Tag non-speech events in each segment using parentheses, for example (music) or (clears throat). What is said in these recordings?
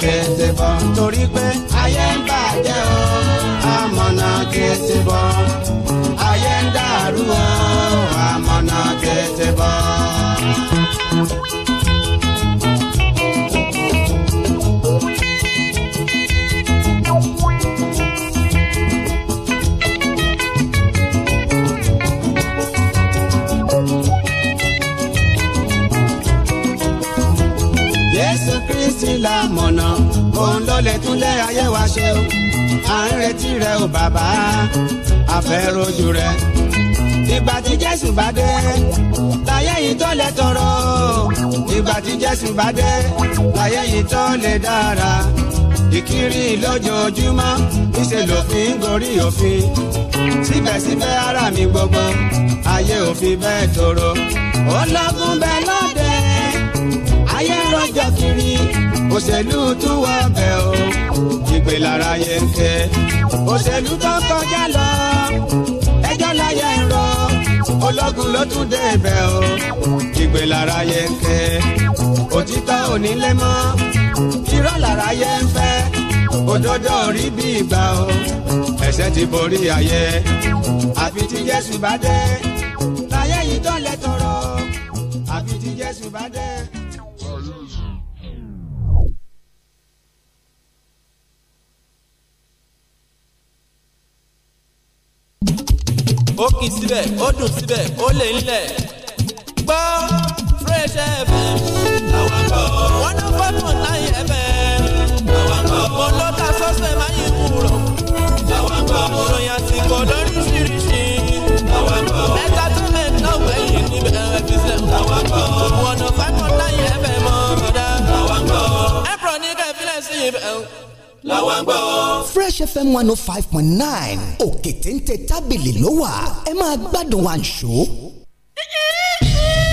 tètè bọ̀ torí pé ayé ń bàjẹ́ o àmọ̀nà tètè bọ̀ ayé ń dàrú o àmọ̀nà tètè bọ̀. ṣe o à ń retí rẹ o bàbá àfẹ́rojú rẹ ìgbà tí jésù bá dé láyé yìí tó lè tọrọ ìgbà tí jésù bá dé láyé yìí tó lè dára ìkiri lójoojúmọ́ níṣẹ́ lòfin gorí òfin síbẹ̀síbẹ̀ ara mi gbogbo ayé òfin bẹ́ẹ̀ tòrò ó lọ́gùn bẹ́ẹ̀ lọ́dẹ ayé rọjò òṣèlú tún wọ bẹ́ o ìpè lára yẹ ń fẹ́ òṣèlú tó kọjá lọ ẹjọ́ láyé rọ ológun ló tún dé bẹ́ o ìpè lára yẹ ń fẹ́ òtítọ́ onílé mọ́ irọ́ lára yẹ fẹ́ òdodo rí bí ìgbà o ẹ̀ṣẹ̀ ti borí ayé àfi tí Jésù bá dé láyé yìí tó lẹ tọrọ àfi tí Jésù bá dé. kì í síbẹ̀ ó dùn síbẹ̀ ó lè ńlẹ̀. gbọ́ fresh fm àwọn kọ́ wọn ló fẹ́ mọ̀ láyé fm àwọn kọ́ mo ló ta sọ́sẹ̀ máa yí wúrọ̀ àwọn kọ́ ìròyìn àsìkò lóríṣiríṣi àwọn kọ́ mẹ́ta tún mẹ́ta náà wẹ̀yìn níbẹ̀ ẹ̀fí sẹ́ àwọn kọ́ wọn ló fẹ́ mọ̀ láyé fm mọ́ bọ́dá àwọn kọ́ ẹ̀pọ̀ ní oh kẹ́fílẹ̀ sí ibẹ̀ làwọn ń gbọ́. fresh fm one oh five point nine òkè téńté tábìlì ló wà ẹ máa gbádùn àǹṣó. (laughs)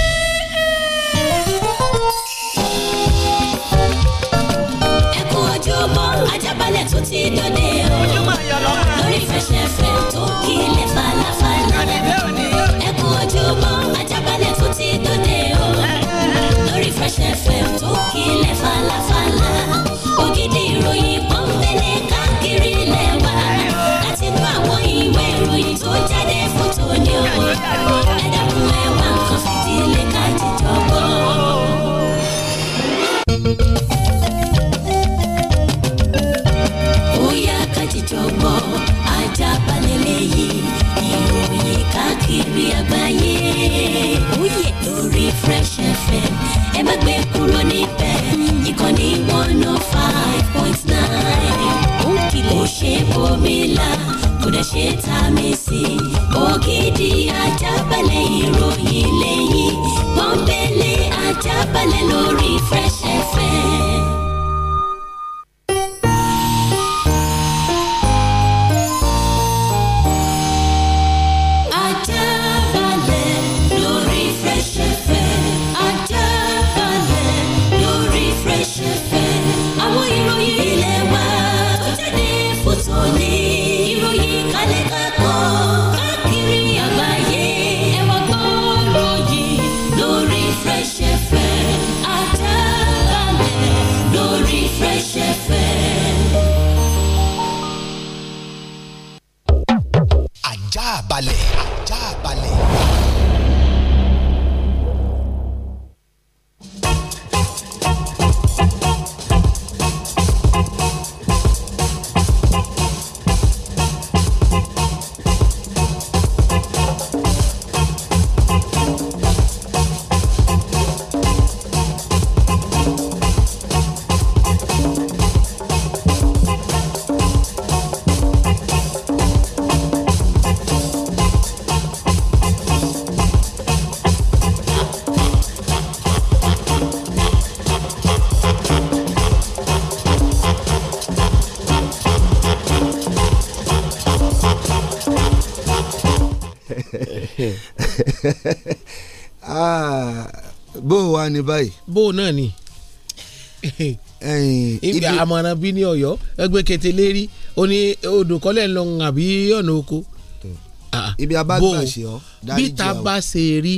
ni báyìí. bó o náà ni ibi àmọ̀ràn bí ní ọ̀yọ́ ẹgbẹ́ kété lérí ó ní odò kọ́lẹ̀ ń lọ àbí ọ̀nà oko. ibi abágbà ṣe ọ dáríjì ọ. bí ta bá ṣe rí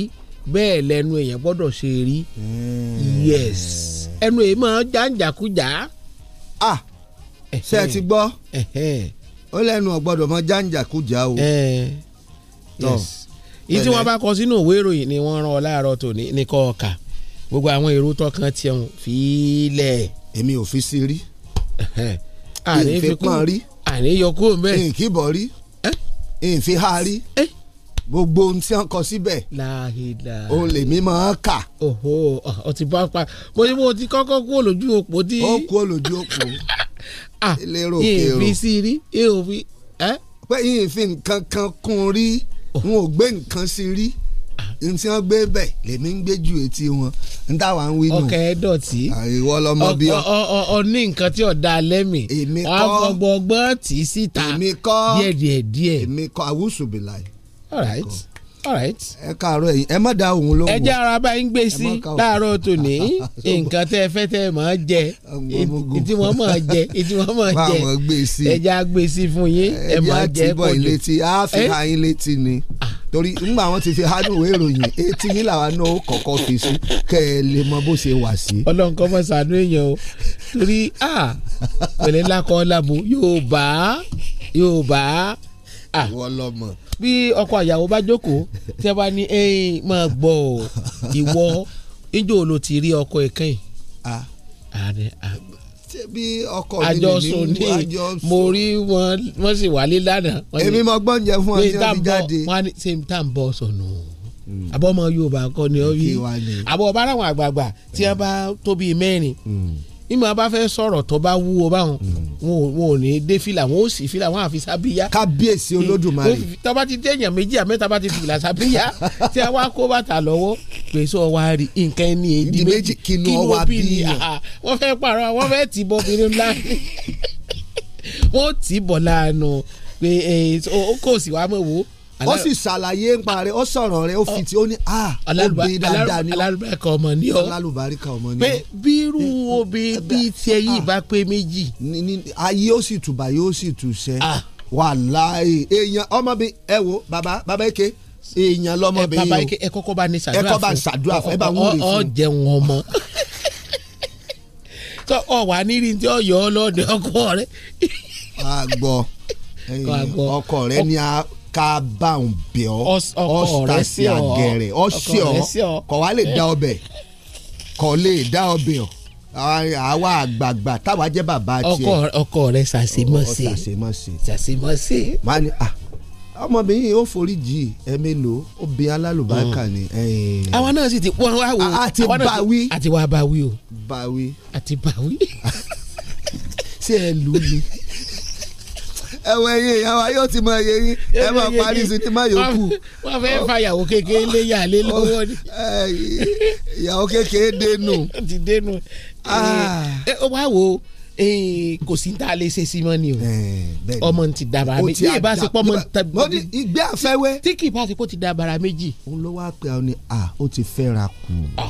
bẹ́ẹ̀ lẹ́nu èèyàn gbọ́dọ̀ ṣe rí hmm. yes ẹnu èèyàn máa jàǹjàkújà. ah ṣe ẹ ti gbọ́ ó lẹ́nu ọ̀gbọ́dọ̀ mọ jàǹjàkújà o. yes ìtí wọn bá kọ sínú ìwé ìròyìn ni wọ́n rán ọ láàárọ̀ tòní ní kọ́ ọ̀ka gbogbo àwọn èrò tọkàn tiẹ̀ ń fi lẹ̀. èmi ò fi sí rí àní fi pọ́n rí àní yọkú mẹ́. nǹkí bọ̀ rí nfi ha rí gbogbo ohun tí wọn kọ síbẹ̀ o lè mí máa kà. ọ ti bá pa mo ní mo ti kọ́kọ́ kú olójú òpó tí. ó kú olójú òpó lérò kérò èèfì sí rí èèfì. pé yìí fi nǹkan kan kún rí oh. n ò gbé nǹkan sí rí n tí wọ́n gbé bẹ̀ lèmi ń gbé ju etí wọn n táwa ń wí nù. ọkẹ ẹ dọ̀tí ìwọ lọmọ bí ọ. ọ ní nǹkan tí ọ̀dà lẹ́mì wàá fọgbọ́gbọ́n tì í síta díẹ̀díẹ̀díẹ̀. èmi kọ́ àwùsùbìlà. all right. Kọ́ ẹ káàárọ̀ ẹ̀yin ẹ má da òun lóhùn. ẹ jẹ́ ara bá ń gbé sí láàárọ̀ tòní (laughs) nǹkan tẹ́ ẹ fẹ́ tẹ́ ẹ máa jẹ ìtí wọ́n máa jẹ ìtí wọ́n máa jẹ ẹ jẹ́ àgbé sí fún yín ẹ máa jẹ pọ̀ ẹ jẹ́ àfihàn yín létí ni ah. torí nígbà wọn ti fi hánú ìwé ìròyìn etí yín làwọn náà kọ́kọ́ fi sí kẹ́ ẹ lè mọ bó ṣe wà sí. ọlọ́run kọ́ sànú èèyàn o torí pẹ̀lẹ́ lákọ́ lábo yóò bá yóò bá. ìwọ lọmọ bí ọkọ àyàwó bá jókòó tí ẹ bá ní ẹyin máa gbọ́ ọ ìwọ ìjọ ló ti rí ọkọ ẹ̀kan yìí. bí ọkọ mi lè ní àjọ sùn mo rí wọn wọn sì wálé lánàá. èmi mo gbọ́ oúnjẹ fún ọ ní ọdún jáde. wọ́n á ṣe ń bọ̀ sọ̀nù hmm. àbọ̀ ọmọ Yorùbá kọ́ ni ọ yí àbọ̀ ọba àwọn àgbààgbà tí wọ́n bá tóbi mẹ́rin hmm nígbà bá fẹ́ sọ̀rọ̀ tó bá wúwo báwọn wọn ò ní dé fìlà wọn ò sì fìlà wọn àfi sábíyá. kábíyèsí olódùmarè. tó bá ti téèyàn méjì àmẹ́ta bá ti fìlà sábíyá tí a wá kó bàtà lọ́wọ́ pèsè ọwọ́ àrí nǹkan ẹni èdè méjì kí ni ọwọ́ bí yàn. wọ́n fẹ́ pààrọ̀ wọ́n fẹ́ tì bọ́ obìnrin ńlá (laughs) wọ́n tì bọ̀ láàánú pé ó kò sí wàá mọ̀ wò ó ó sì ṣàlàyé ń parẹ́ ó sọ̀rọ̀ rẹ̀ ó fi ti ó ní a ah, ó gbé dáadáa ní alálùbáríkà ọmọ ní ọ alálùbáríkà ọmọ ni ọ. pé bírú obe eh, eh, bíi tiẹ̀ yìí ah. bá pé méjì. ayé ó sì tùbà yóò sì tùṣẹ́ ah. wàláì èèyàn ọmọbìnrin ẹ wo baba baba èké èèyàn lọmọbìnrin eh, o baba èké ẹ kọ́kọ́ bá ní ṣàdúrà fún ẹ kọ́kọ́ bá ní ṣàdúrà fún ẹ bá wúre fún ọ jẹun ọmọ tọ ọ wà nírin tí ọ yọ ọ lọ́dọ̀ ọkọ rẹ. àgbọ̀ ọkọ rẹ ni a ká bá òun bẹ̀ ọ́ ọ̀sà sí àgẹ̀rẹ̀ ọ̀sẹ̀ ọ́ kọ̀ wá eh. lè dá ọbẹ̀ kọ̀ lè dá ọbẹ̀ ọ́ àwa àgbààgbà táwa jẹ́ bàbá tiẹ̀. ọkọ rẹ ṣàṣemọ́sẹ̀ ṣàṣemọ́sẹ̀. máa ní ah ọmọbìnrin yìí ó forí jì ẹ mélòó obìnrin alálùbákà mm. ni. àwa náà sì ti wọ́n wá wò àti báwí àti wá báwí o. báwí àti báwí. (laughs) ṣé ẹ lù ú (laughs) ẹ̀wọ̀n ẹ̀yìn èèyàn wa yóò ti mọ ẹ̀yẹ yín ẹ máa parí sinimá yòókù. wọ́n fẹ́ fa ìyàwó kékeré lé yàlé lọ́wọ́ ni. ìyàwó kékeré dénú. (laughs) ti dénú. ó ah. wá wo kò sí tá a lè ṣe sí mọ́ ni o ọmọ ti dabara méjì yìí bá ṣe pọ́ ọmọ ti dabara méjì ìgbé àfẹ́wẹ́ tí kì í bá ṣe pọ́ ti dabara méjì. òun ló wáá pe àwọn ni a ó ti fẹ́ra kù. Ah.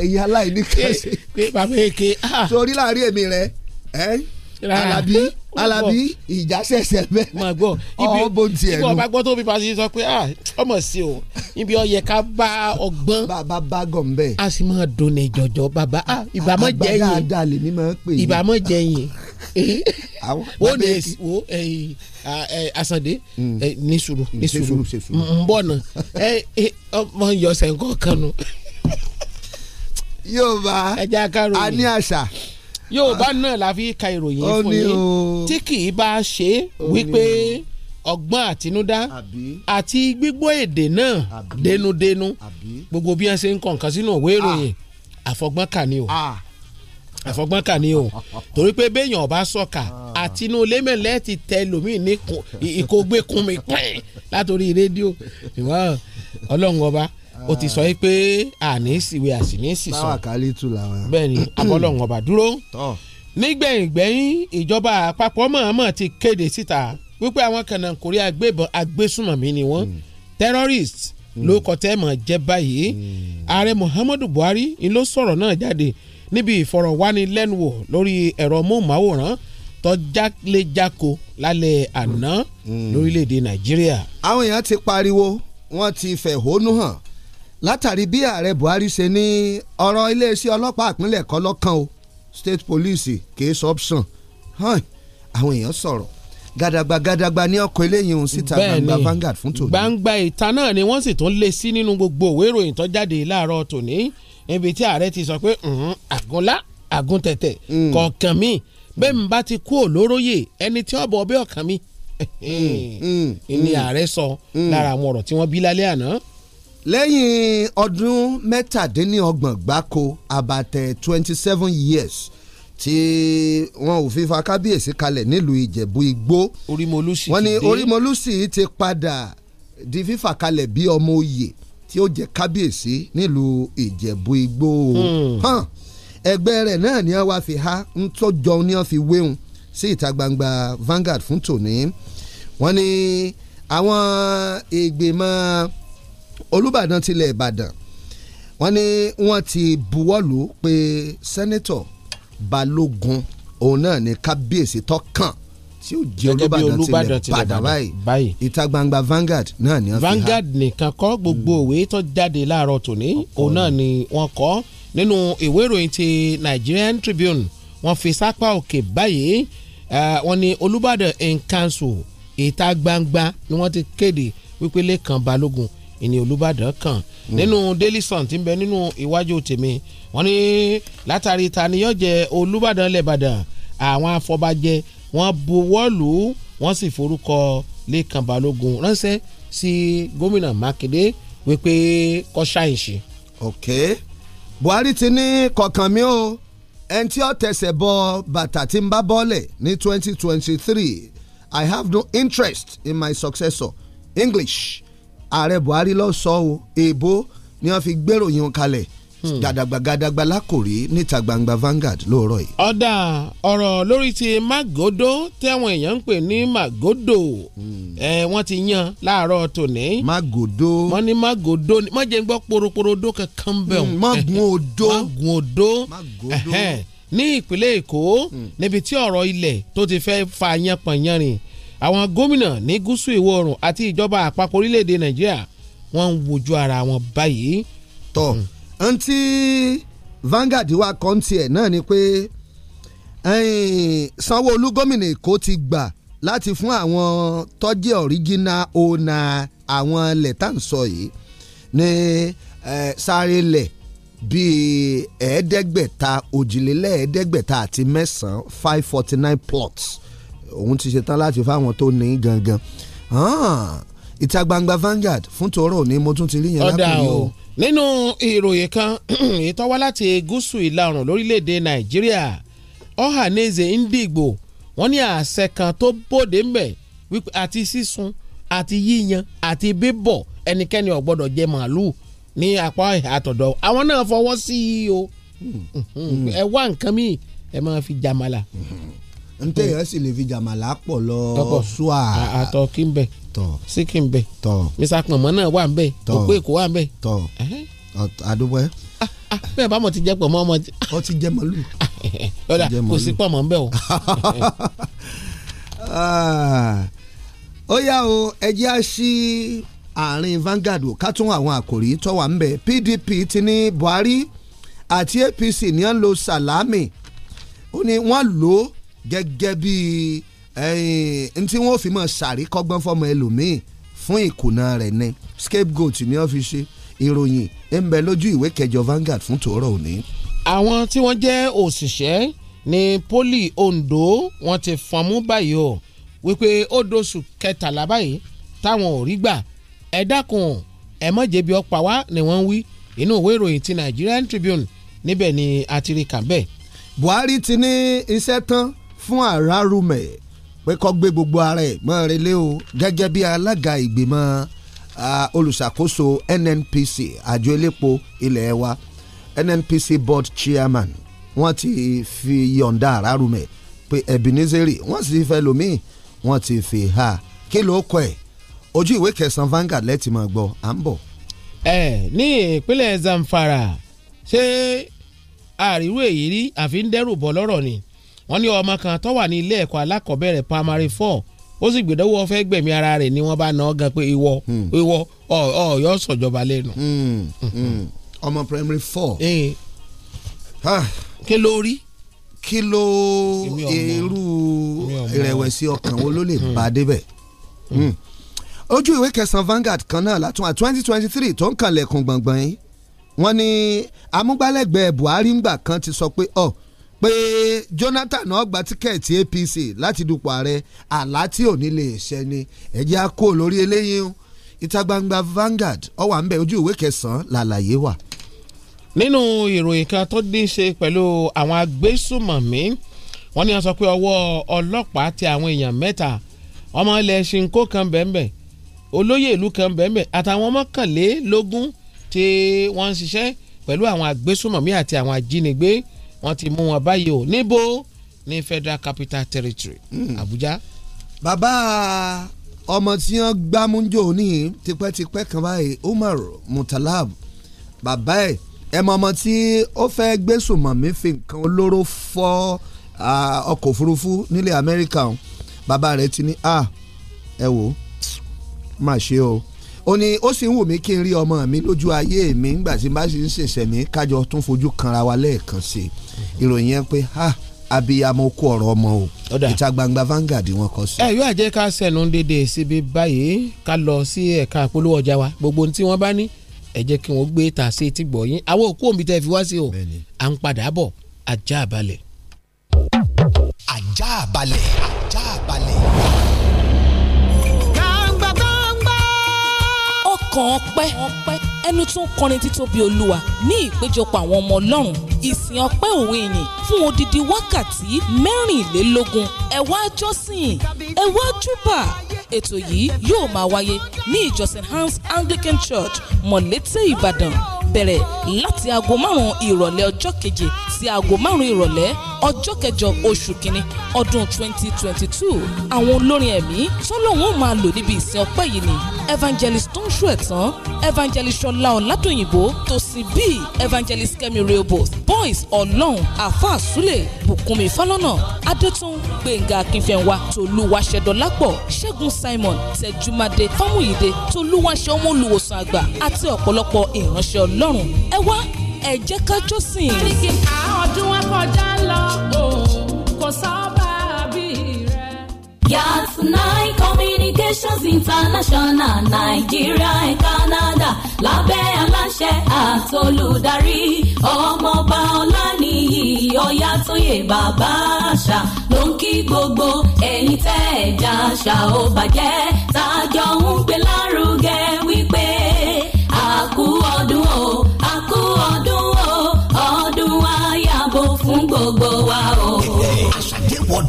ẹ̀yin aláìní kẹsì. pé bàbá èké. Ah. sori láàrin èmi rẹ Alábí Alábí ìjà ṣẹ̀ṣẹ̀ bẹ́ẹ̀. mà gbọ́ ibi ọbọ ti ẹ̀ lò. ibi ọba gbọ́ tó bí pàṣẹ sọ pé ah, ọmọ sí o ibi ọyẹ ká bá ọgbọ́n. bàbá bá gàn bẹ́ẹ̀. a sì máa dùn ní jọjọ bàbá ah, ìbámọ̀ jẹ́ yín àgbàdo àlè ni máa ń pè yín. ìbámọ̀ jẹ́ yín wo ni èsì wo Àsàndé mm. ní sùúrù ní sùúrù ń bọ̀ náà ọmọ yọ̀ọ̀sẹ̀ nǹkan kan nù. (laughs) yorùbá a ní àṣà yorùbá náà la fi ka ìròyìn fún yín tí kì í bá ṣe wípé ọgbọ́n àtinúdá àti gbígbọ́ èdè náà dénúdénú gbogbo bí wọ́n ṣe ń kọ̀ nǹkan sínú òwe ìròyìn ah. àfọgbọ́n kà ni o ah. àfọgbọ́n kà ni o (laughs) torí pé béèyàn ọba sọ̀kà ah. àtinú lẹ́mẹ̀lẹ́ ti tẹ lómi ní ìkógbékunmi pẹ́ẹ́n látòrí rédíò ọlọ́run ọba ó ti sọ yìí pé àní ìsìwé àsìní ìsìsàn báwa kálí tù làwọn. bẹ́ẹ̀ni abọ́lọ́hún ọba dúró nígbẹ̀yìngbẹ̀yìn ìjọba àpapọ̀ mọ̀ọ́mọ̀ ti kéde síta wípé àwọn kànáńkórí agbébọn agbésùnmọ̀mí ni wọ́n mm. terrorist mm. ló kọ́ tẹ́ mọ̀ jẹ́ báyìí hmm. ààrẹ Muhammadu Buhari ló sọ̀rọ̀ náà jáde níbi ìfọ̀rọ̀wánilẹ́nuwò lórí ẹ̀rọ móhùnmáwòrán tọ́jálẹ́jáko lálẹ́ àná hmm. Hmm. lórílẹ̀‐èdè Nàìjíríà. àwọn èèyàn ti pariwo wọ́n ti fẹ̀hónú hàn látàrí bí ààrẹ Buhari ṣe ní ọ̀rọ̀ iléeṣẹ́ ọlọ́pàá àpínlẹ̀ kọ́ lọ́kàn o state police case option hàn àwọn èèyàn sọ̀rọ̀ gàdàgbà gàdàgbà ní ọkọ̀ eléyìí òun síta gbangba Vanguard fún tòní. gbangba ìta náà ni wọ́n sì tún lé sí nínú gbogbo òwe ìròyìn tó jáde láàárọ̀ tòní ibi tí ààrẹ ti sọ pé àgúnlá àgúntẹ̀tẹ̀ hmm. kọ̀ọ̀kan mi bẹ́ẹ̀ mi hmm. bá ti kú òlóróyè ẹni tí ọ̀bọ̀ ọbẹ̀ ọ̀kan mi. Hmm, ìní ààrẹ sọ lára àwọn ọ̀rọ̀ tí wọ́n bí lálẹ́ àná lẹ́yìn ọdún mẹ́tàdínlọ́gbọ̀n gbáko abatẹ twenty seven years tí wọn ò fi fa kábíyèsí kalẹ̀ nílùú ìjẹ̀bú igbó orímọlúsì wọn ni orímọlúsì ti padà di fífà kalẹ̀ bí ọmọ oyè tí ó jẹ́ kábíyèsí nílùú ìjẹ̀bú igbó hmm. ẹgbẹ́ rẹ̀ náà ni wọ́n fi há ń tọ́jọ́ ni wọ́n fi wéhun sí ìta gbangba Vanguard fún tòní wọ́n ní àwọn ìgbìmọ̀. E olùbàdàn tilẹ̀ ìbàdàn wọ́n ní wọ́n ti buwọ́lù pé sẹ́nẹ́tọ̀ balógun òun náà ni kábíyèsí tó kàn tí ó jẹ́ olùbàdàn tilẹ̀ ìbàdàn báyìí ìta gbangba Vanguard náà ni wọ́n fi hàn. Vanguard nìkan kọ́ gbogbo òwe tó jáde láàárọ̀ tòní òun náà ni wọ́n kọ́ nínú ìwé ìròyìn ti Nigerian Tribune wọ́n fi sápá òkè báyìí wọ́n ní olùbàdàn in council ìta gbangba ni wọ́n ti kéde wípé Lékan Balógun ìní Olúbàdàn kàn hmm. nínú Daily Sun ti ń bẹ nínú iwájú tèmi wọ́n ní látàrí taniyànjẹ Olúbàdàn lẹ́bàdàn àwọn afọbajẹ wọ́n buwọ́lù wọ́n sì forúkọ Lékan Balógun ránṣẹ́ sí gómìnà Mákindé wípé kó ok Buhari ti ní kọ̀ọ̀kan mi o ẹni tí ó tẹsẹ̀ bọ bàtà tí ń bá bọ́ọ̀lẹ̀ ní twenty twenty three I have no interest in my successor English ààrẹ buhari lọ sọ o èèbó ni wọ́n fi gbéròyìn kalẹ̀ hmm. gàdàgbà gàdàgbà lákòrí níta gbangba Vanguard lóòrọ̀ yìí. ọ̀dà ọ̀rọ̀ lórí ti Magodo tí àwọn èèyàn ń pè ní Magodo hmm. ẹ wọ́n ti yan láàárọ̀ tòní. Magodo. wọ́n ní Magodo wọ́n jẹ́ gbọ́ poroporodo kankan bẹ́ẹ̀ o. Hmm, magun odo. (laughs) magun odo. Magodo. ní ìpínlẹ̀ Èkó níbi tí ọ̀rọ̀ ilẹ̀ tó ti fẹ́ fa yanpanyanrin àwọn gómìnà ní gúúsù ìwọ̀ oòrùn àti ìjọba àpapọ̀ orílẹ̀-èdè nàìjíríà wọ́n ń wojú ara wọn báyìí. tọ́ àǹtí hmm. Vanguard wa kan tiẹ̀ náà ni pé Sanwó-Olú gómìnà Èkó ti gbà láti fún àwọn tọ́jú ọ̀ríjínà ọ̀nà àwọn lẹ́tàǹsọ yìí ní sáré lẹ̀ bíi ẹ̀ẹ́dẹ́gbẹ̀ta òjìlélẹ́ẹ̀ẹ́dẹ́gbẹ̀ta àti mẹ́sàn-án five forty nine plots òun ti ṣetán láti fáwọn tó ní gangan ah, ìta gbangba Vanguard fún tòró ni mo tún ti rí yẹn lápò o. nínú ìròyìn kan ìtọ́wá (clears throat) láti gúúsù ìlà oòrùn lórílẹ̀‐èdè Nàìjíríà Ohanaeze Ndigbo wọ́n ní àṣẹ kan tó bòde ńbẹ̀ wípé àti sísun àti yíyan àti bíbọ̀ ẹnikẹ́ni ò gbọ́dọ̀ jẹ màálù ní apá àtọ̀dọ̀ àwọn náà fọwọ́ sí i o hmm. ẹ wá nǹkan míì ẹ máa fi jàmàlà hmm ntẹ yẹn sì lè fi jàmàlà pọ̀ lọ ṣùà. àtọ kí n bẹ sí kí n bẹ mr pọnmọ náà wà ń bẹ òpó èkó wà ń bẹ. àdúgbò bẹ́ẹ̀ bá mọ̀ ti jẹ́ pọ̀mọ́ ọmọ. ọ ti jẹ́ mọ́lù. (laughs) ọ̀dà kò sí pọ̀mọ́ ń bẹ̀ o. (laughs) Ah. ó yá o ẹ jẹ́ á ṣí àárín Vanguard ká tún àwọn àkòrí tó wà ń bẹ̀ PDP ti ní Buhari àti APC ní à ń lo Salami ó ní wọ́n lò ó gẹ́gẹ́ bí n tí wọ́n fi mọ̀ ṣàríkọ́gbọ́n fọmọ ẹlòmíì fún ìkùnà rẹ̀ ni scapegoat ni wọ́n fi ṣe ìròyìn ń bẹ lójú ìwé kẹjọ Vanguard fún tòórọ́ òní. àwọn tí wọ́n jẹ́ òṣìṣẹ́ ní poli Ondo wọ́n ti fọ́n mú báyìí o wípé ó dóṣù kẹtàlá báyìí táwọn ò rí gbà ẹ dákun ẹ mọ̀ jẹ̀bi ọ̀pá wa ni wọ́n ń wí inú ìwé ìròyìn ti Nigerian Tribune níbẹ̀ ni àtìrí kàn bẹ́ẹ̀. Buhari ti ní iṣẹ́ tán fún àràrùmẹ̀ pé kó gbé gbogbo ara ẹ̀ mọ́ relé o gẹ́gẹ́ bí alága ìgbìmọ̀ olùṣàkóso NNPC àjọ elépo ilẹ̀ wa NNPC board chairman wọ́n ti fi yọ̀ǹda àràrùmẹ̀ pé Ebenezeri wọ́n sì fẹ́ lómìn wọ́n ti fi ha kí ló kọ ẹ̀ ojú ìwé kẹsàn-án Vanguard lẹ́tì máa gbọ́ à ń bọ̀. ẹ ní ìpínlẹ̀ Zamfara ṣé àríwó èyí rí àfi ń dẹ́rù bọ́ lọ́rọ̀ ni wọ́n ní ọmọ kan tó wà ní ilé ẹ̀kọ́ alákọ̀ọ́bẹ̀rẹ̀ primary four ó sì gbèdéwọ́ fẹ́ gbẹ̀mí ara rẹ̀ ni wọ́n bá ná ọ gan pé ìwọ hmm. ìwọ ọ̀ọ́yọ́ sọ̀jọba lẹ́nu. Hmm, hmm. ọmọ primary four. Eh. kí ló rí kí ló irú ìrẹ̀wẹ̀sì ọkàn wo ló lè bá débẹ̀ ojú ìwé kẹsàn-án Vanguard kan náà látún à twenty twenty three tó ń kànlẹ̀kùn gbọ̀ngbọ̀n yìí wọ́n ní amúgbálẹ́gbẹ̀ẹ́ Buhari ńgbà kan ti sọ pé ọ̀ oh, pé Jonathan náà gba tíkẹ́ẹ̀tì APC láti dupò ààrẹ àlá tí ò ní lè ṣẹ ni ẹ̀jẹ̀ á kó lórí eléyìí ìta gbangba Vanguard ó wà ń bẹ ojú ìwé kẹsàn-án làlàyé wà. nínú ìròyìn kan tó ní í ṣe pẹ̀lú àwọn agbésùmọ̀mí wọ́n ní wọ́n sọ pé ọwọ́ ọlọ́pàá tẹ àwọn èèyàn mẹ́ta ọmọ ilẹ̀ ṣinkó kan bẹ́ẹ̀ olóyè ìlú kan bẹ́ẹ̀ àtàwọn mọ́kànlélógún tí wọ́n ń ṣiṣẹ́ pẹ̀lú àwọn agbésùmọ̀mí àti àwọn ajínigbé wọ́n ti mú wọn báyìí o níbo ní Federal Capital Territory hmm. Abuja. bàbá ọmọ tí wọ́n gbámújò ní tipẹ́tipẹ́ kan báyìí Umar Mutalab bàbá ẹ̀ ẹ mọ ọmọ tí ó fẹ́ gbé sùnmọ̀mí fi nǹkan olóró fọ́ ọkọ̀ òfurufú nílẹ̀ Amẹ́ríkà o bàbá rẹ̀ ti ní a ah, ẹ wò má ṣe o ó ní ó sì ń wù mí kí n rí ọmọ mi lójú ayé mi nígbà tí n bá sì ń ṣẹ̀ṣẹ̀ mi kájọ tún fojú kanra wa lẹ́ẹ̀kan sí i ìròyìn yẹn pé ha abiyamọ kú ọ̀rọ̀ ọmọ o ìta gbangba Vanguard wọn kọ sí. ẹ yóò àjẹ́ ká sẹ̀nu dédé síbi báyìí ká lọ sí ẹ̀ka àpolówó ọjà wa gbogbo ohun tí wọ́n bá ní ẹ jẹ́ kí wọ́n gbé ta sí ti gbọ̀ yín àwọn òkú òmí tẹ́ fi wá sí o à ń padà bọ̀ ajá balẹ̀. ajá balẹ̀ ajá balẹ̀. ọkàn ọpẹ́ ẹnu tó ń kọrin títóbi olúwa ní ìpéjọpọ̀ àwọn ọmọ ọlọ́run ìsìn ọpẹ́ òwe yìn fún odidi wákàtí mẹ́rìnlélógún ẹ wá jọ́sìn júbà ètò yìí yóò máa wáyé ní ìjọ st hans anglican church mọ̀létẹ́ ìbàdàn bẹ̀rẹ̀ láti aago márùn-ún ìrọ̀lẹ́ ọjọ́ keje sí aago márùn-ún ìrọ̀lẹ́ ọjọ́ kẹjọ oṣù kínní ọdún twenty twenty two àwọn olórin ẹ̀mí tó lóun ó máa lò níbi ìsìn ọpẹ́ yìí ni evangelist tó ń ṣú ẹ̀tàn evangelist ṣọlá ọ̀làdòyìnbó tòsìn bíi evangelist kẹ́mi rehoboth boys ọlọ́run àfáà súlẹ̀ bùkúnmi fálọ́nà adétún gbẹ̀ngà akínfẹ̀wá tòlúwaṣẹ́dọ́lápọ̀ ṣẹ́gun simon tẹ̀júmadé fámúyídé tòlúwaṣẹ́ ọmọ olùwòsàn àgbà àti ọ̀pọ̀lọpọ̀ ìránṣẹ́ ọlọ́run ẹ wá ẹ jẹ́ ká jọ́sìn. ọdún wa kọjá lọ o communications international Nigeria, ẹ̀ canada lábẹ́ aláṣẹ àtolúdarí ọmọọba ọlánìyí ọ̀yàtúnyè bàbá àṣà ló ń kí gbogbo ẹ̀yin tẹ́ ẹ̀já àṣà ò bàjẹ́ tájọ ń gbé lárugẹ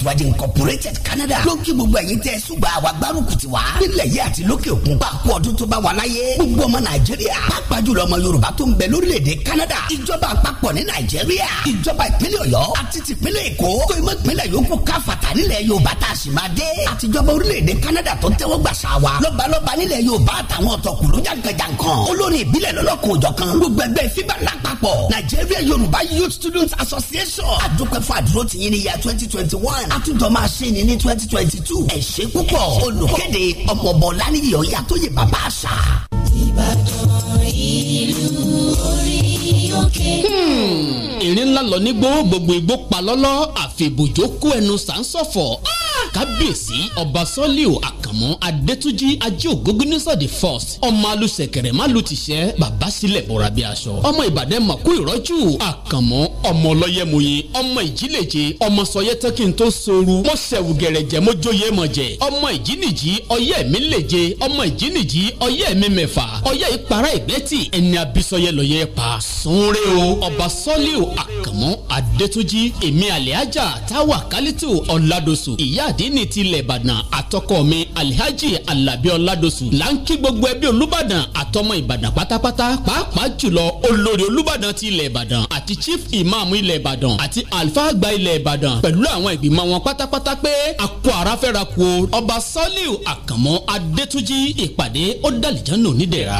Adwaje Incorporated Canada ló ń kí gbogbo ẹ̀yin tẹ́ ṣùgbọ́n àwa gbárùkù tiwa nílẹ̀ yìí àti lókè òkun bá kú ọdún tó bá wà láyé gbogbo ọmọ Nàìjíríà pàápàá jùlọ ọmọ Yorùbá tó ń bẹ lórílẹ̀‐èdè Canada ìjọba àpapọ̀ ní Nàìjíríà ìjọba ìpínlẹ̀ Ọ̀yọ́ àti tìpínlẹ̀ Èkó tó ìmọ̀ ìpínlẹ̀ yòókù káfàtà nílẹ̀ Yorùbá tá a sì máa dé àtijọba orílẹ̀‐èdè Canada tó tẹ́wọ́ gbàṣà wa lọ́balọ́ba nílẹ̀ Yorùbá àtàwọn ọ̀tọ̀kùlú jàǹkànjàǹkàn olórin ìbílẹ̀ lọ́lọ́kùnjọ̀kan gbogbo ẹgbẹ́ fíbà lápapọ̀ Nigeria Yorùbá Youth Students Association àdúpẹ́ fún àdúró tìyín ní yà twenty twenty one a tún jọ máa ṣe ni ní twenty twenty two ẹ ṣé púpọ̀ olùkéde ọmọọbọ lánìyàn yàtọ̀ yẹ bàbá àṣà. Ìbàdàn ìlú orí òkè. Hmm. ìrìn ńlá lọ nígbó gbogbo igbó pa lọ́lọ́ àfẹ̀bùjó kó ẹnu sàǹsọ̀fọ̀ ah! kábíyèsí ọba sọ́líò àkànmọ́ adétúnjì ajé ògógónísọ̀ the first ọmọ alùsẹ̀kẹ̀rẹ̀ má lu tìṣẹ́ bàbá sílẹ̀ bọ̀rọ̀ bí aṣọ ọmọ ìbàdàn mọ̀kú ìrọ́jú àkànmọ́ ọmọ ọlọ́yẹ̀mọye ọmọ ìjìléje ọmọ sọyẹ́tẹ́ kí n tó soru mo ṣẹ̀wù gẹ̀rẹ̀jẹ̀ mo jóye mọ̀ jẹ̀ ọmọ ìjìnìjì ọyẹ́ mi léje ọmọ ìjìnìjì ọyẹ́ mi mẹ́fà ọyẹ́ ìpara ìgbẹ́tì ẹni abisọyẹ lọ́yẹ́ pa sún oore o. ọba sọ́líù àkànmọ́ adétúnjì èmi àlẹ́hájà táwa kálítù ọ̀làdọ̀sù ìyá àdínní tilẹ̀ ìbàdàn àtọkọ mi àlẹ́hájì alábí ọ̀làdọ̀sù là ń kí gbogbo ẹbí olúbàdàn àtọmọ ìbàdàn pátápátá pàápàá jùlọ olórí olúbàdàn ti ilẹ̀ àti chief imam ilẹ̀ ìbàdàn àti alfa àgbà ilẹ̀ ìbàdàn pẹ̀lú àwọn ìgbìmọ̀ wọn pátápátá pé àkó àràfẹ́ra kú ọba sọ́líù àkànmọ́ adétúnjì ìpàdé ó dàlìjánu nídẹ̀ra.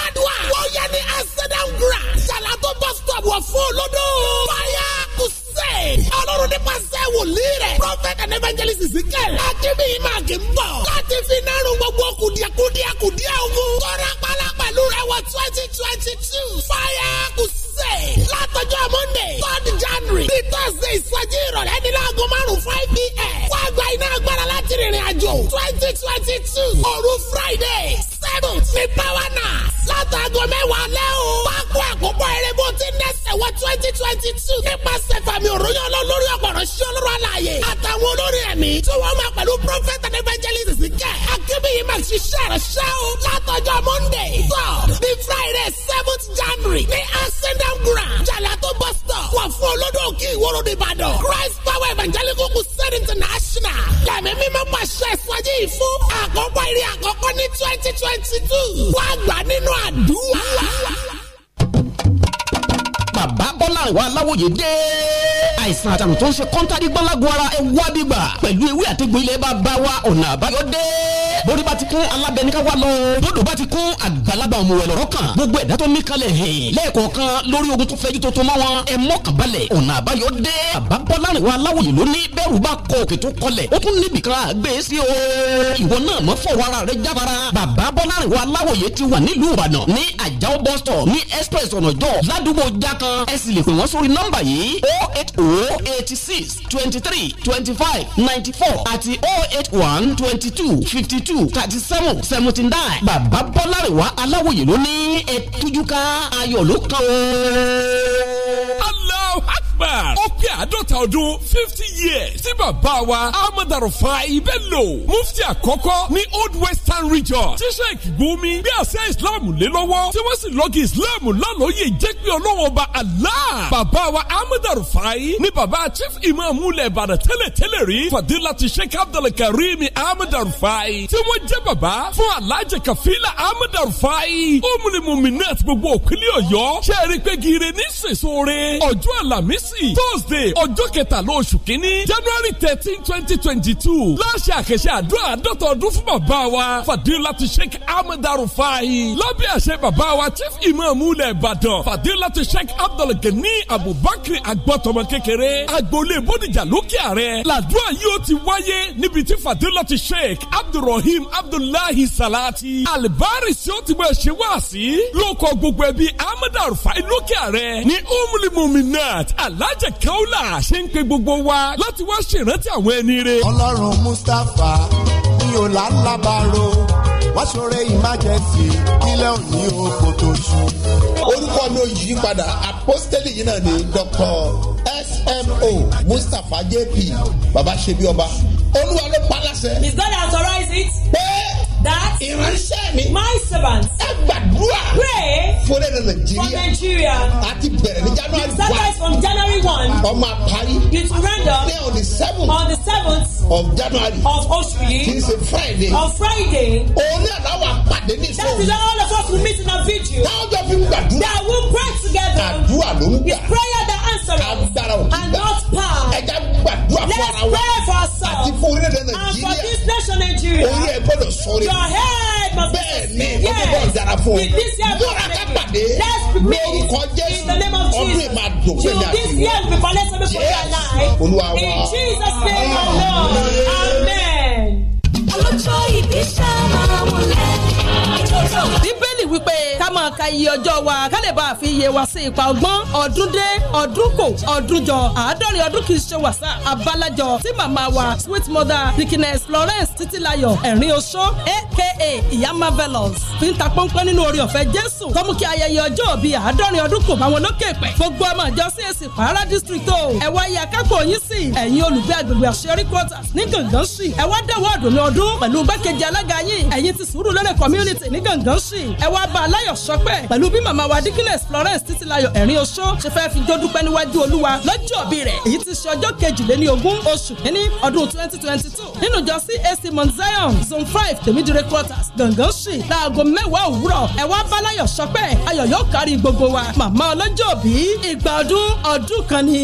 wọ̀ fún olódó. fáyà kù sè. ọlọ́run nípasẹ̀ wòlíì rẹ̀. prophet and evangelist Ezekiel. akíbi ìmàgì ń bọ̀. láti fi nárun gbogbo kùdìẹ̀kùdìẹ̀ kùdìẹ̀ ogun. tọ́ra pálá pẹ̀lú rẹ̀ wọ twenty twenty two. fáyà kù sè. látọjọ́ monday third january. ní thursday ìsọjí ìrọ̀lẹ́ ní láago márùn-ún five pm. wọ́n gba iná agbára láti rìnrìn àjò. twenty twenty two. òru friday seven ní power nine. látàgọ́ mẹ́wàá lẹ́hìn. pákó àkókò eré ẹ̀wọ̀ twenty twenty two nípasẹ̀ fàmì òróyìn ọlọ́lórí ọ̀pọ̀rọ̀ sí ọlọ́rọ̀ àlàyé àtàwọn olórí ẹ̀mí tí wọ́n máa pẹ̀lú prophet and evangelist kẹ́ akébíyí máa ṣiṣẹ́ rẹ̀ ṣá o látọjọ́ monday god ní friday seventh january ní ascendant ground jalato bus stop wà fún olódò òkè ìwòrò nìbàdàn christ power evangelical crusade international lẹ́mí mímọ́ pàṣẹ ìsọjí ìfún àkọ́kọ́ ìrìn àkọ́kọ́ ní twenty twenty two wọ́n àgbà nínú àdúrà bàbá bọ́lá ìwà aláwòye dé. àìsàn àtàrùn tó ń ṣe kọ́ńtàdì gbọ́lágun ara ẹ wá bíbà pẹ̀lú ewé àtẹ̀gbò ilé bàbá wa ọ̀nà àbáyọ dé. borí bá ti kún alábẹ́níká wá lọ. lódò bá ti kún àgbàlagbà ọmọ wẹ̀ lọ́rọ́ kan. gbogbo ẹ̀dá tó mí kalẹ̀ hẹ̀. lẹ́ẹ̀kọ̀ọ̀kan lórí ogun tó fẹ́jú tó tó mọ́ wọn. ẹ mọ́kàn ọ̀nà àbáyọ dé. bàbá o. ìwọ náà mọ fọwọ́ ara rẹ jábára. bàbá bọ́lá ìwà aláwòye ti wà nílùú ìbàdàn express ọ̀nà jọ ládùúgbò wọn ẹ sì lè pè wọ́n sórí nọ́mbà yìí o oh eight o oh eighty six twenty three twenty five ninety four àti o oh eight one twenty two fifty two thirty seven seventy nine bàbá bọ́lárẹ̀wá aláwòye ló ní ẹ tújú ká ayọ̀ ló kàn ó. Allahu Akbar akbar ó pé àádọ́ta ọdún fifty years tí bàbá wa ahmed arufai bello mufti àkọ́kọ́ ní old western region tí sheikh gumi gbé àṣẹ islam lé lọ́wọ́ tí wọ́n sì lọ́gì islam lálóye jẹ́ pé ọlọ́wọ́ ba allah bàbá wa ahmed ni ní bàbá chief imam mulẹ̀ ìbàdàn tẹ́lẹ̀tẹ́lẹ̀ rí fadilati sheikh abdulkareem ahmed arufai tí wọ́n jẹ́ bàbá fún alhaji kafila ahmed arufai ó múni mùmínà àti gbogbo òkèlè ọ̀yọ́ ṣe é rí pé gire ní sèso re ọjọ́ àlàmísì sí Thursday ọjọ́ kẹtàlá oṣù kínní January thirteen twenty twenty two láṣẹ àkẹṣẹ àdúrà àdọ́tọ̀ ọdún fún bàbá wa Fadilatu Sheikh Ahmed Arufai lábẹ́ àṣẹ bàbá wa Chief Imam ulẹ̀ Ìbàdàn Fadilatu Sheikh Abdulgani Abubakar agbọ́tọmọ kékeré agboolé bódìjà lókè ààrẹ làdúrà yìí ó ti wáyé níbi tí Fadilatu Sheikh Abdulrahim Abdullahi Salati alibari sí ó ti mọ̀ ṣe wá sí lóko gbogbo ẹbí Ahmed Arufai lókè ààrẹ ní umlimuminat al alájẹ káólà ṣe ń pe gbogbo wa láti wá ṣèrántí àwọn ẹni rẹ. ọlọ́run mustapha mi ò lálábàárò wá ṣọ̀rẹ́ emergency kílẹ̀ òní oko tó ṣú. orúkọ mi ò yí padà apostoli yìí náà ni dr smo mustapha jp baba ṣebi ọba olúwa ló pa láṣẹ. is God authorize it. pé that ìránṣẹ́ mi. my servant. ẹ gbàdúrà. pray. for ní nàìjíríà. for nigeria. àti bẹ̀rẹ̀ ní january one. the service from january one. ọmọ àpárí. you to render. ní on the seventh. on the seventh. of january. of oṣù yìí. kì í ṣe friday. on friday. ó òun náà pàdé ní ìṣòro. that is all of us will meet in a video. táwọn jọ fi gbàdúrà. that we pray together. àdúrà ló ń gbà. it's prayer that answers. agbára òkúta. and not power. ẹja gbàdúrà fún ara wa. let's pray for ourselves. àti fún orílẹ̀-èdè Nàìjíríà. and for this nation Nigeria. orí ẹ gbọ́dọ̀ sọrí. your head must be safe. bẹ́ẹ̀ni o gbọ́dọ̀ dára fún ọ. lọ́ra ká pàdé. let's be made in the name of Jesus. ọdún ìmà dùn this year will be collected before your life. in Jesus name alone. amen. amen iṣẹ́ máa wọlé bíbélì wípé ká máa ka iye ọjọ́ wa ká lè bá a fi iye wa sí ipa ọgbọ́n ọdún dé ọdún kò ọdún jọ àádọ́rin ọdún kì í ṣe wàsá abálájọ tí màmá wa sweet mother dikines florence títílayọ̀ ẹ̀rín oṣó aka ìyá marvelous fi ń ta pọ́npọ́n nínú orí ọ̀fẹ́ jésù tó mú kí ayẹyẹ ọjọ́ bíi àádọ́rin ọdún kò bá wọn lókè pẹ́ gbogbo ọmọ ìjọ csc kwara district o ẹ wá akápò yín sí ẹ̀yin olùgbé agbègbè àṣeyọrí quarters ní gàngán sí ẹ dẹ̀wọ́ ọdún ní ọdún pẹ̀lú gbẹ́kejì alága yín ẹ̀yin ti sùúrù lórí community ní gàngán sí ẹ wá bá aláyọ̀ sọpẹ́ pẹ̀lú bí màmá wa dikines florence títílayọ̀ ẹ̀rín oṣó ṣe fẹ́ fi jó dúpẹ́ níwájú olúwa lọ́jọ́ bí rẹ̀ èyí ti ṣe ọjọ́ kejìléní ogún oṣù kínní ọdún twenty twenty two nínú ìjọ CAC mount zion zone five tèmídìrẹ́ quarters gangan sí láago mẹ́wàá òwúrọ̀ ẹ wá bá aláyọ̀ sọpẹ́ ayọ̀ yóò kárí gbogbo wa màmá ọlọ́jọ́ bí ìgbà ọdún ọdún kan ni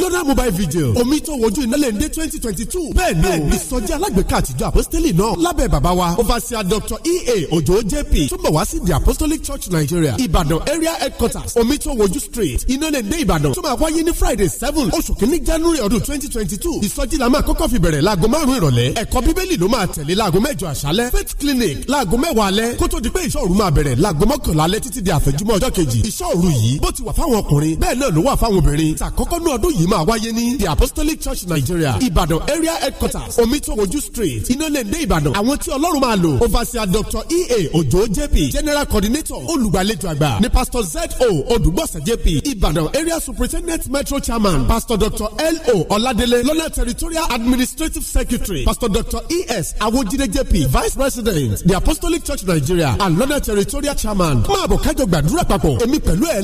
lọ́nà mobile vigil omi tó wojú ìnálẹ̀ ń dé twenty twenty two bẹ́ẹ̀ ni o ìsọjí alágbèéká àtijọ́ apostoli náà lábẹ́ bàbá wa overseer doctor ea ojo jp túbọ̀ wá sí the apostolic church nigeria ìbàdàn area headquarters omi tó wojú street ìnálẹ̀ ń dé ìbàdàn tó máa wáyé ní friday seven oṣù kìíní january ọdún twenty twenty two ìsọjí la máa kọ́kọ́ fi bẹ̀rẹ̀ láago márùn-ún ìrọ̀lẹ́ ẹ̀kọ́ bíbélì ló máa tẹ̀lé láago mẹ́jọ àṣálẹ́ faith clinic láago mẹ́wàá alẹ́ kó tó di pé ìṣọ́ òru di àfẹ́júmọ́ ọjọ́ kejì ìṣọ́ yìí bó ti wà fáwọn ọkùnrin bẹ́ẹ̀ náà ló wà fáwọn obìnrin ṣàkọ́kọ́ ní ọdún yìí máa wáyé ní the apostolic church nigeria ìbàdàn area headquarters omitowoju street inalende ìbàdàn àwọn tí ọlọ́run máa lò overseer dr ea ojo jp general coordinator olùgbàlejò àgbà ni pastor z o odùgbọ̀sẹ̀ jp ìbàdàn area superintendent metro chairman pastor dr l o ọládélé lọ́nà territorial administrative secretary pastor dr e s awojide jp vice president the apostolic church nigeria and lọ́nà territorial chairman máa bọ̀ kájọ gbàdúrà papọ̀ èmi pẹ̀lú ẹ̀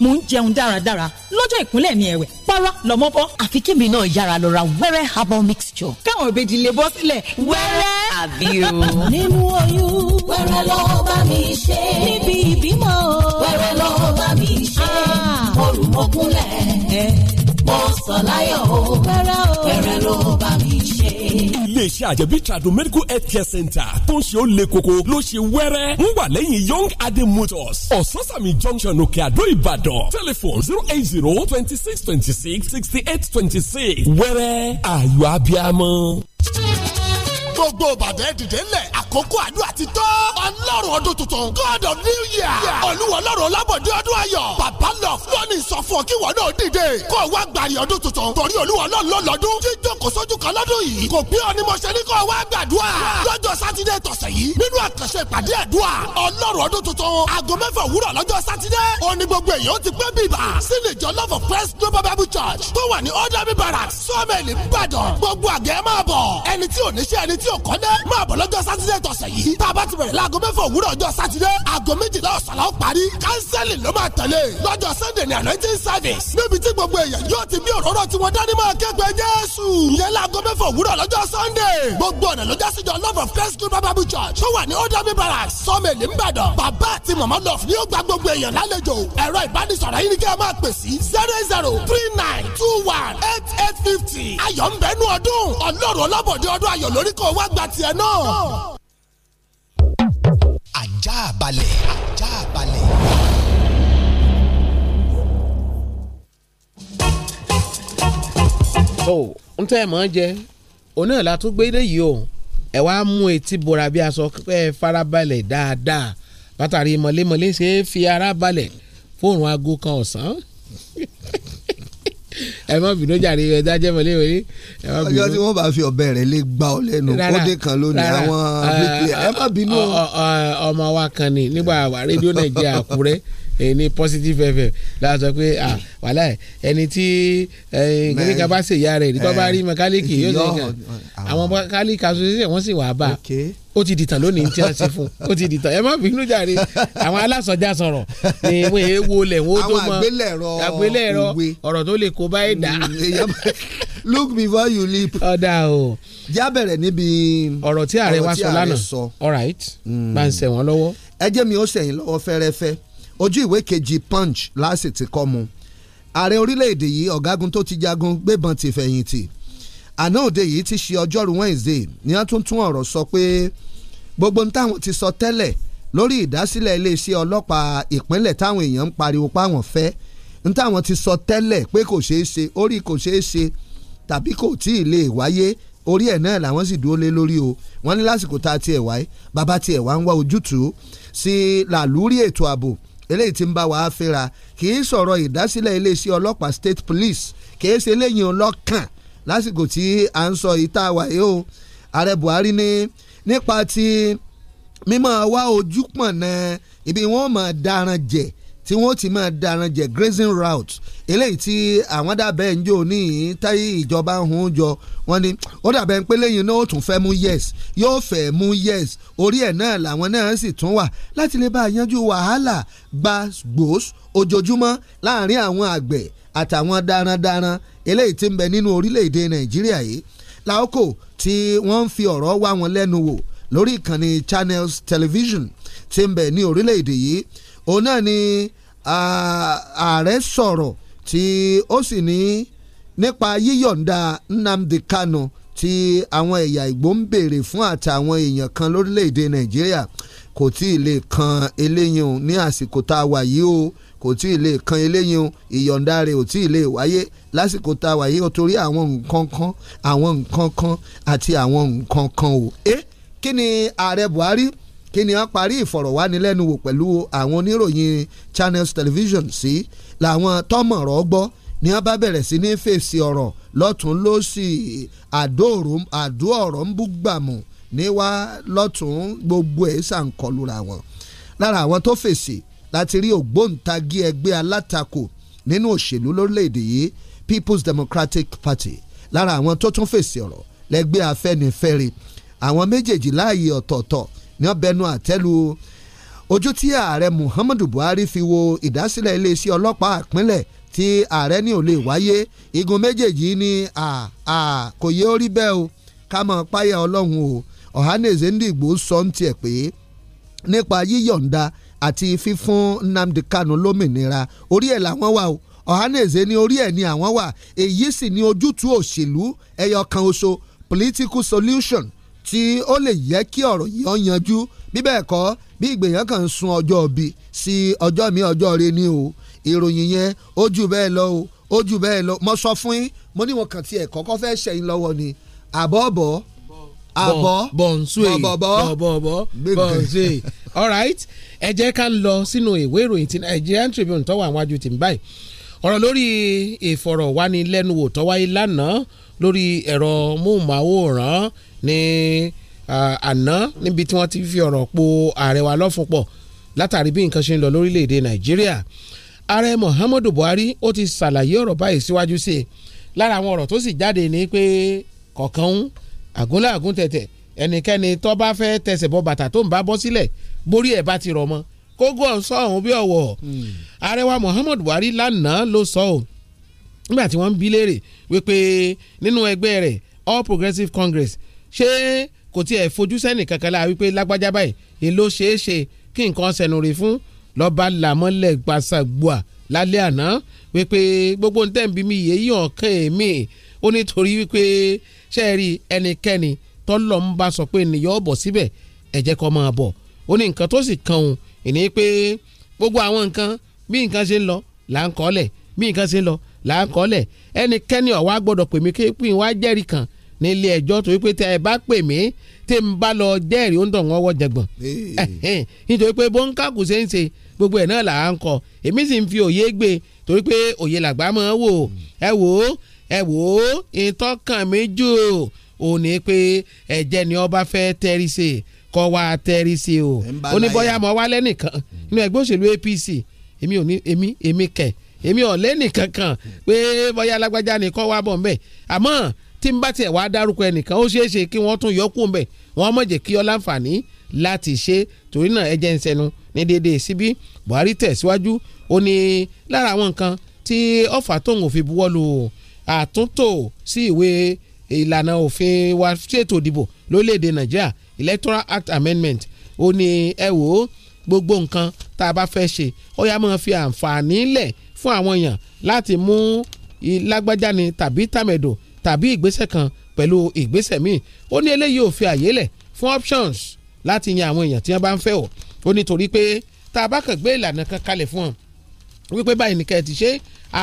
mò ń jẹun dáradára lọ́jọ́ ìkúnlẹ̀ mi ẹ̀wẹ̀ pàrọ̀ lọ́mọ bọ́. àfi kébì náà yára lọ ra wẹ́rẹ́ herbal mixture. káwọn òbejì lè bọ́ sílẹ̀ wẹ́rẹ́. àbí o. nínú oyún wẹ́rẹ́ lọ bá mi ṣe. níbi ìbímọ o lọ bá mi ṣe. Ah. mo rù mọ́kúnlẹ̀ eh. mo sọ láyọ̀ o wẹ́rẹ́ o bá mi iléeṣẹ́ àjẹbí tradu medical health care center tó ń ṣe ó le koko ló ṣe wẹ́rẹ́ ń wà lẹ́yìn young adé motors ososami junction òkè àdó ìbàdàn telephone zero eight zero twenty six twenty six sixty eight twenty six wẹ́rẹ́ ayọ̀ abiamọ. gbogbo ìbàdàn ẹ̀ dìde ńlẹ̀ àkókò àdúrà ti tọ́ ọlọ́run ọdún tuntun. God of New Year. Olúwa lọ́rọ̀ lábọ̀dé ọdún ayọ̀. Bàbá lọ lónìí sọ fún ọ kí wọ́n náà dìde. Kó o wá gbàrí ọdún tuntun. Torí Olúwa lọ́lọ́ lọ́dún. Jíjókòó sójú kan lọ́dún yìí. Kò bí ọ ni mo ṣe ní kó o wá gbàdúrà. Lọ́jọ́ Sátidé tọ̀sẹ̀ yìí. Nínú àkànṣe ìpàdé àdúrà. Ọlọ́run ọdún tuntun. Aago mẹ́fà òwúrọ̀ lọ́jọ́ Sátidé. Ó ní gbogbo èèyàn ti pé bíbà. Sílè Love of Christ Global Bible Church. Tó wà ní Ọ́dàbí Barracks. Sọ́ọ̀mẹ̀lì Ìbàdàn. Gbogbo àgẹ́ máa bọ̀. Ẹni tí ò ní ṣe ẹni tí ò kọ́ dé. Máa bọ̀ lọ́jọ́ Sátidé tọ̀sẹ̀ yìí. Tá òwúrọ̀ ọjọ́ sátidé aago méjìlá ọ̀sán la ó parí kánsẹ́lì ló máa tẹ̀lé lọ́jọ́ sunday ní anointing service níbi tí gbogbo èèyàn yóò ti bí òróró tí wọ́n dání máa kẹ́gbẹ́ jésù ìyẹn láago mẹ́fà òwúrọ̀ lọ́jọ́ sunday gbogbo ọ̀nà ló jásí jọ love of christ good bible church tó wà ní old army barracks sọ́mẹ̀lì ńbàdàn bàbá àti mama love ni ó gba gbogbo èèyàn lálejò ẹ̀rọ ìbánisọ̀rọ̀ yìí ni kí ẹ máa pè sí zero zero three nine two one eight eight fifty ayọ̀ ń bẹ́nu ọdún ọlọ́run ọlọ́bọ̀dé ọdún ayọ̀ lórí kò wá gbà tiẹ̀ náà ajá balẹ̀ ajá balẹ̀. tó ń tẹ́ ẹ̀ mọ́ jẹ òun náà la tún gbé dé yìí o ẹ wá mú etí bora bí aṣọ ẹ farabalẹ̀ dáadáa látàrí mọ̀lẹ́mọ̀lẹ́ ṣe é fi ara balẹ̀ fóònù aago kan ọ̀sán. (laughs) ẹ má bínú jàre ẹ dájẹ́ mọ́lé wẹ̀lé ẹ má bínú. ọjọ́ tí wọ́n bá fi ọ̀bẹ rẹ̀ lé gbá ọ lẹ́nu kóde kan lónìí àwọn ẹ má bínú. ọmọ wa kan ni nígbà wà rédíò nàìjíríà àkúrẹ́ ní positive fm láti sọ pé wàhálà ẹni tí kíníkà bá ṣèyá rẹ̀ nípa bá rí mẹkáníìkì yóò ṣe kàn àwọn mẹkáníìkì association wọ́n sì wà bá ó ti dìtàn lónìí tí wọ́n ṣe fún ó ti dìtàn ẹ má bínú jàre àwọn alásọjá sọ̀rọ̀ ni wọ́n èé e wo lẹ̀ wọ́n tó mọ àwọn àgbélẹ̀rọ ọ̀rọ̀ tó lè kó bá ẹ̀ dá. Mm, mm, look before you leap. ọ̀dà o já bẹ̀rẹ̀ níbi ọ̀rọ̀ tí ààrẹ wa sọ lánàá all right máa mm. ń ṣe wọ́n lọ́wọ́. ẹ jẹ́ mi ó ṣẹ̀yìn lọ́wọ́ fẹ́rẹ́fẹ́ ojú ìwé kejì punch láàsì ti kọ́ mu ààrẹ orílẹ̀-èdè yìí ọ̀gágun tó ti jagun gbébọn ti fẹ̀yìntì àná òde yìí ti ṣe ọjọ́rú Wednesday ní wọ́n tún tún ọ̀rọ̀ sọ pé gbogbo ní táwọn ti sọ tẹ́lẹ̀ lórí ìdásílẹ̀ iléeṣẹ́ ọlọ́pàá ìpínlẹ̀ táwọn èèyàn ń pariwo páwọn fẹ́ ní táwọn ti sọ tẹ́lẹ̀ pé kò ṣeé ṣe orí kò ṣeé ṣe tàbí kò tí ì lè wáyé orí ẹ̀ náà làwọn sì dúró lé lórí o wọ́n ní lásìkò tá a tiẹ̀ wáyé bàbá tiẹ̀ wá ń wá ojútùú sí làlúrí ètò ààbò eléyìí tí ń bá wa fẹ́ra kì í sọ̀rọ̀ ìdásílẹ̀ iléeṣẹ́ ọlọ́pàá state police kì í ṣe eléyìí ọlọ́kàn lásìkò tí à ń sọ ìta wàyé o ààrẹ buhari ní nípa ti mímọ́ wá ojúpọ̀nà ibi wọ́n mọ̀ daran jẹ̀ tí wọ́n ti máa daran jẹ grazing route eléyìí tí àwọn dàbẹ̀ ń jò ní táyé ìjọba ń jọ wọ́n ní ó dàbẹ̀ ń pé lẹ́yìn náà ó tún fẹ́ mú yes yóò fẹ́ mú yes orí ẹ̀ náà làwọn náà sì tún wà láti lè bá a yanjú wàhálà gbàgbós ojoojúmọ́ láàrin àwọn àgbẹ̀ àtàwọn darandaran eléyìí tí ń bẹ nínú orílẹ̀-èdè nàìjíríà yìí láòkò tí wọ́n ń fi ọ̀rọ̀ wá wọn lẹ́nu wò lórí ìkànnì Channels Television tí ń bẹ ní orílẹ̀-èdè yìí òun náà ni ààrẹ sọ̀rọ̀ tí ó sì ní nípa yíyọ̀ǹda Nnamdi Kanu tí àwọn ẹ̀yà Ìgbò ń béèrè fún àtàwọn èèyàn kan lórílẹ̀‐èdè Nàìjíríà kò tí ì lè kan eléyìí o ní àsìkò tá a wà yìí o kò tí ì lè kan eléyìí o ìyọ̀ǹda rẹ̀ ò tí ì lè wáyé lásìkò tá a wà yìí o torí àwọn nǹkan kan àwọn nǹkan kan àti àwọn nǹkan kan o. ẹ kí ni ààrẹ Buhari kí ni wọ́n parí ìfọ̀rọ̀wánilẹ́nuwò pẹ̀lú àwọn oníròyìn Channels Television sí làwọn tọmọ̀rọ̀ gbọ́ ni wọ́n bá bẹ̀rẹ̀ sí ní fèsì ọ̀rọ̀ lọ́tún lọ́sì àdó ọ̀rọ̀ ń bú gbàmù níwá lọ́tún gbogbo ẹ̀ ṣàǹkọlùra wọn lára àwọn tó fèsì láti rí ògbóǹtagì ẹgbẹ́ alátakò nínú òṣèlú lórílẹ̀‐èdè yìí People's Democratic Party lára àwọn tó tún fèsì ọ̀rọ̀ lẹ́gbẹ́ Afẹ́nifẹ́re àwọn méjèèjì láàyè ọ̀tọ̀ọ̀tọ̀ ní ọbẹ̀nu àtẹ́lu ojú tí ààrẹ Muhammadu Buhari fi wo ìdásílẹ̀ iléeṣẹ́ ọlọ́pàá àpínlẹ̀ tí ààrẹ ní ò lè wáyé igun méjèèjì ni kò yé orí bẹ́ẹ̀ o ká mọ̀ páyà ọlọ́run o Ọ̀hánèzè Ndigbo sọ ń tiẹ̀ pé nípa yíyọ̀ǹda àti fífún Nnamdi Kanu lómìnira orí ẹ̀ làwọn wà o Ọ̀hánèzè ní orí ẹ̀ ni àwọn wà èyí sì ni ojútùú òṣèlú ẹyọ kan oṣù political solution tí ó lè yẹ kí ọ̀rọ̀ yìí ó yanjú bí bẹ́ẹ̀ kọ́ bí ìgbèyàn kan sun ọjọ́ bí sí ọjọ́ mi ọjọ́ rẹ ni o ìròyìn yẹn ó jù bẹ́ẹ̀ lọ o ó jù bẹ́ẹ̀ lọ mo sọ fún yín mo ní wọn kàn tiẹ̀ kọ́kọ́ fẹ́ ṣẹ̀yìn lọ́wọ́ ni àbọ̀bọ̀ àbọ̀ bọ̀nsúè bọ̀bọ̀bọ̀ bọ̀nsúè all right ẹ jẹ́ ká lọ sínú ìwé ìròyìn ti Nigerian Tribune tó wà níwájú tì ń báyìí ọ̀rọ̀ lórí ìfọ̀rọ̀wánilẹ́nuwò tó wáyé lánàá lórí ẹ̀rọ móhùnmáwòrán ní àná níbi tí wọ́n ti fi ọ̀rọ̀ po ààrẹ wa lọ́fun pọ̀ látàrí bí nǹkan ṣe ń lọ lórílẹ̀‐èdè nàìjíríà ààrẹ muhammadu buhari ó ti ṣàlàyé ọ̀rọ̀ báyìí síwájú sí i lára àwọn ọ̀rọ̀ tó sì jáde ní pé kọ̀ọ̀kan ń àgúnláàgún tẹ̀tẹ̀ ẹnikẹ́ni tó bá fẹ́ tẹsẹ̀ bọ bàtà tó ń bá bọ́ sílẹ̀ borí ẹ̀ bá ti rọ̀ mọ́ kógó ọ̀sọ́ ọ̀hún bí ọ̀wọ̀ hmm. ààrẹ wa muhammadu buhari lánàá ló sọ ọ́ nígbà tí wọ́n ń bi léèrè wípé nínú ẹgbẹ́ rẹ̀ all progressives congress ṣé kò tiẹ̀ fojú sẹ́nì kankan la wípé lágbájá báyìí èló ṣeé ṣe kí nǹkan sẹ̀nù rè fún lọ́ba làmọ́lẹ̀ gbàṣàgbọ́à lálẹ́ àná wípé gbogbo ń tẹ̀m̀bí mi yé yàn kàn mí ó nítorí wípé ṣe é rí ẹnikẹ́ni tọ́lọ̀ ń bá sọ pé nìyọ́ ọ̀bọ̀ síbẹ̀ ẹ̀jẹ̀ kọ́ máa bọ̀ ó ní nǹkan tó sì kan òun ìní pé gbogbo àwọn nǹkan bí nǹkan ṣe ń lọ là ń kọ́lẹ̀ bí nǹkan ṣe ń lọ là ń kọ́lẹ̀ ẹnikẹ́ni ọ̀wá gbọ́dọ̀ pèmí kéèpì wá jẹ́rìí kan nílé ẹjọ́ torí pé tẹ ẹ bá pè mí tí n bá lọ jẹ́rìí ó ń dàn wọ́n wọ́ jẹ̀gbọ̀n nítorí pé bó ń kàkù ṣe ń ṣe gbogbo ẹ̀ náà là á ń kọ èmi sì ń fi òye gbé torí pé òye làgbà máa wò ẹ wò ó ẹ wò ó ìtọ́kàn mi jù ò ní pé ẹ̀jẹ̀ ni ọba fẹ́ tẹ́rí sí kọ́ wa tẹ́rí sí o ó ní bóyá mo wálé nìkan nínú ẹgbẹ́ òṣèlú APC èmi ò ní èmi èmi kẹ̀ èmi ò lẹ́nìkankan pé bóyá alágbájá ni kọ́ wa bọ̀ ń àmọ́ tí n bá tiẹ̀ wá dárúkọ ẹnìkan ó ṣeé ṣe kí wọ́n tún yọ kúrò mbẹ̀ wọ́n mọ̀ jẹ́ kí ọ láǹfààní láti ṣe torí náà ẹ jẹ́ ń sẹnu ní déédéé síbí Buhari tẹ̀síwájú ó ní lára àwọn nǹkan tí ọ̀fà tóun ò fi buwọ́ lu àtúntò sí ìwé ìlànà òfin wa ṣètò ìdìbò lórílẹ̀‐èdè Nàìjíríà Electoral Act Amendment ó ní ẹ wò ó gbogbo nǹkan tá a bá fẹ́ ṣe ó yá máa fi àǹfààní lẹ̀ fún àwọn èèyàn láti mú lágbájá ni tàbí tàmẹ̀dò tàbí ìgbésẹ̀ kan pẹ̀lú ìgbésẹ̀ míì ó ní eléyìí ò fi àyè lẹ̀ fún options láti yan àwọn èèyàn tí wọ́n bá ń fẹ́ o ó ní torí pé tá a bá kàn gbé ìlànà kan kalẹ̀ fún wọn wípé báyìí nìkan ẹ̀ ti ṣe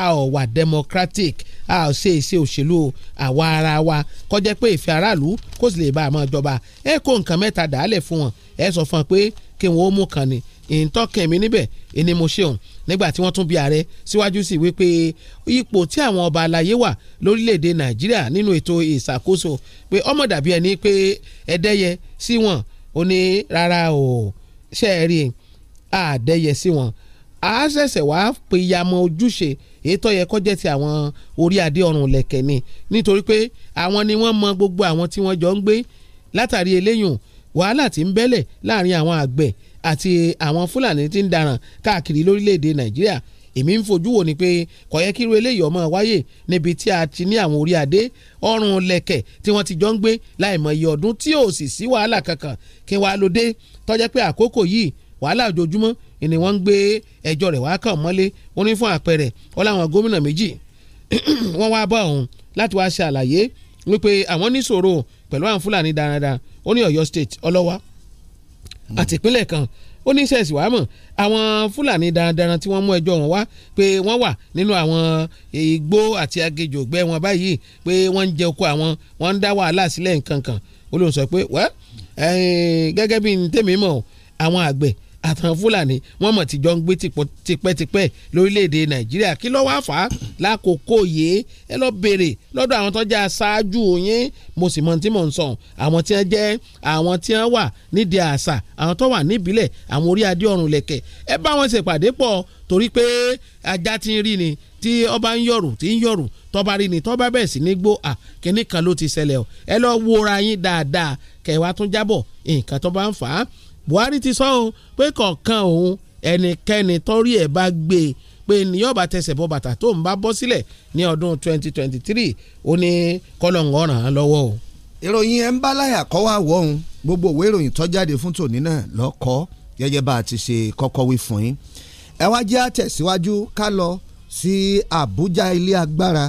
a ò wà democratic a ò ṣe ìṣe òṣèlú àwa ara wa kọjá pé ìfẹ́ aráàlú kò sì lè bá a máa jọba ẹ kó nǹkan mẹ́ta dàálẹ̀ fún wọn ẹ sọ fún wọn pé kí wọn ó mú kan ni ìtọ́kẹ́ mi níbẹ̀ ẹni mo ṣeun nígbà tí wọ́n tún bi ààrẹ síwájú sí wípé ipò tí àwọn ọba aláyé wà lórílẹ̀‐èdè nàìjíríà nínú ètò ìṣàkóso pé ọmọ dàbí ẹni pé ẹ̀dẹ́yẹ sí wọn ò ní rárá o ṣe é rí àdẹ́yẹ sí wọn a ṣẹ̀ṣẹ̀ wá pèyàmọ̀ ojúṣe ètò yẹ kó jẹ́ ti àwọn orí adé ọrùn lẹ̀kẹ̀ ni nítorí pé àwọn ni wọ́n mọ gbogbo àwọn tí wọ́n jọ ń gbé látàrí eléyùn wàhálà tí ń bẹ́lẹ̀ láàrin àwọn àgbẹ̀ àti àwọn fúlàní tí ń daràn káàkiri lórílẹ̀‐èdè nàìjíríà èmi ń fojú wò ni pé kò yẹ kí irú eléyìí ọmọ wáyé níbi tí a ti ní àwọn orí adé ọrùn lẹ̀kẹ̀ tí wọ́n ti jọ ń gbé láìmọye ọdún tí ò sì sí wàhálà kankan kí wàá ló dé tó pé àkókò yìí wàhálà ojoojúmọ́ ni wọ́n ń gbé ẹjọ́ rẹ̀ wá kàn mọ́lé wọ́n ní fún àpẹẹrẹ ọláwọn gómìnà méjì (clears throat) wọ́n wá bá òun láti wá ṣe wípé àwọn níṣòro pẹ̀lú àwọn fúlàní dáradára ó ní ọ̀yọ́ state ọlọ́wà àti ìpínlẹ̀ kan ó ní sẹ́ẹ̀sì wàá mọ̀ àwọn fúlàní darandaran tí wọ́n mú ẹjọ́ wọn wá pé wọ́n wà nínú àwọn igbó àti agejò ọgbẹ́ wọn báyìí pé wọ́n ń jẹ oko àwọn wọ́n ń dá wàhálà sílẹ̀ nǹkan kan ó lóun sọ pé wẹ́ gẹ́gẹ́ bí tèmi mọ̀ àwọn àgbẹ̀ àtàwọn fúlàní wọ́n mọ̀ tíjọ́ ń gbé tipẹ́tipẹ́ lórílẹ̀‐èdè nàìjíríà kí ló wá fà á lákòókò yìí ẹ lọ béèrè lọ́dọ̀ àwọn tọ́jà ṣáájú yín mo sì mọ tí mò ń sọ àwọn tí wọ́n jẹ́ àwọn tí wọ́n wà nídìí àṣà àwọn tó wà níbílẹ̀ àwọn orí adé ọ̀run lẹ̀kẹ̀ ẹ bá wọn ṣèpàdé pọ̀ torí pé ajá ti ń rí ni tí ọba ń yọ̀rù tí ń yọ̀rù tọ́ba rí ni tọ́ba bẹ̀ sí ní gbó à kínní kan ló ti ṣẹlẹ̀ o ẹ lọ wòra yín dáadáa kẹwàá tún jábọ̀ nǹkan tó ń fà á Buhari ti sọ ohun pé kọ̀ọ̀kan òun ẹnikẹ́ni tọ́rí ẹ̀ bá gbé e pé ní yọ̀ọ̀bà tẹsẹ̀ bọ́ bàtà tó ń bá bọ́ sílẹ̀ ní ọdún 2023 ó ní kọ́lọ̀ǹgọ̀ ràn án lọ́wọ́ o. ìròyìn ẹ̀ ń bá láyà kọ́ wá wọ̀ ọ́n gbogbo òwe ìròyìn tó jáde fún tòní náà lọ́kọ́ gẹ́gẹ́ bá a ti ṣe kọ́kọ́ wí fún yín. ẹ wá jẹ́ àtẹ̀síwájú ká lọ sí Àbújá ilé agbára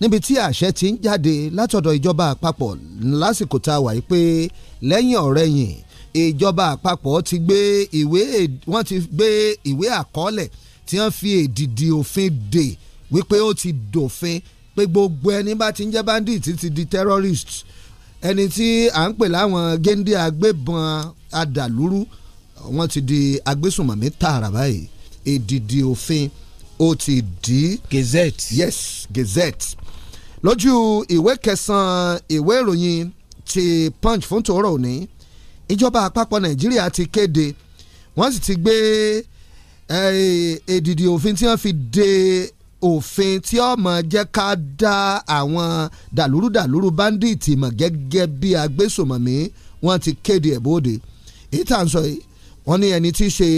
níbi tí àṣẹ ti ń jáde látọ̀dọ̀ ìjọba àpapọ̀ lásìkò tá a wà yìí pé lẹ́yìn ọ̀rẹ́yìn ìjọba àpapọ̀ ti gbé ìwé wọ́n ti gbé ìwé àkọọ́lẹ̀ tí wọ́n fi èdìdì òfin dè wípé ó ti dòfin pé gbogbo ẹni bá ti ń jẹ́ bandit ti di terrorist ẹni tí à ń pè láwọn géńdé agbébọn adàlúrú wọ́n ti di agbésùnmọ̀mí tààrà báyìí èdìdì òfin ó ti di. gazette yes gazette lójú ìwé kẹsàn-án ìwé ìròyìn ti punch fún tòórọ́ òní ìjọba àpapọ̀ nàìjíríà ti kéde wọ́n sì ti gbé èdìdì òfin tí wọ́n fi de òfin tí ó mọ̀ jẹ́ ká dá àwọn dàlúrúdàlúrú báńdíìtì mọ̀ gẹ́gẹ́ bí agbésùmọ̀mí wọ́n ti kéde ẹ̀ bóde ìtànsọ yìí wọ́n ní ẹni tí í ṣe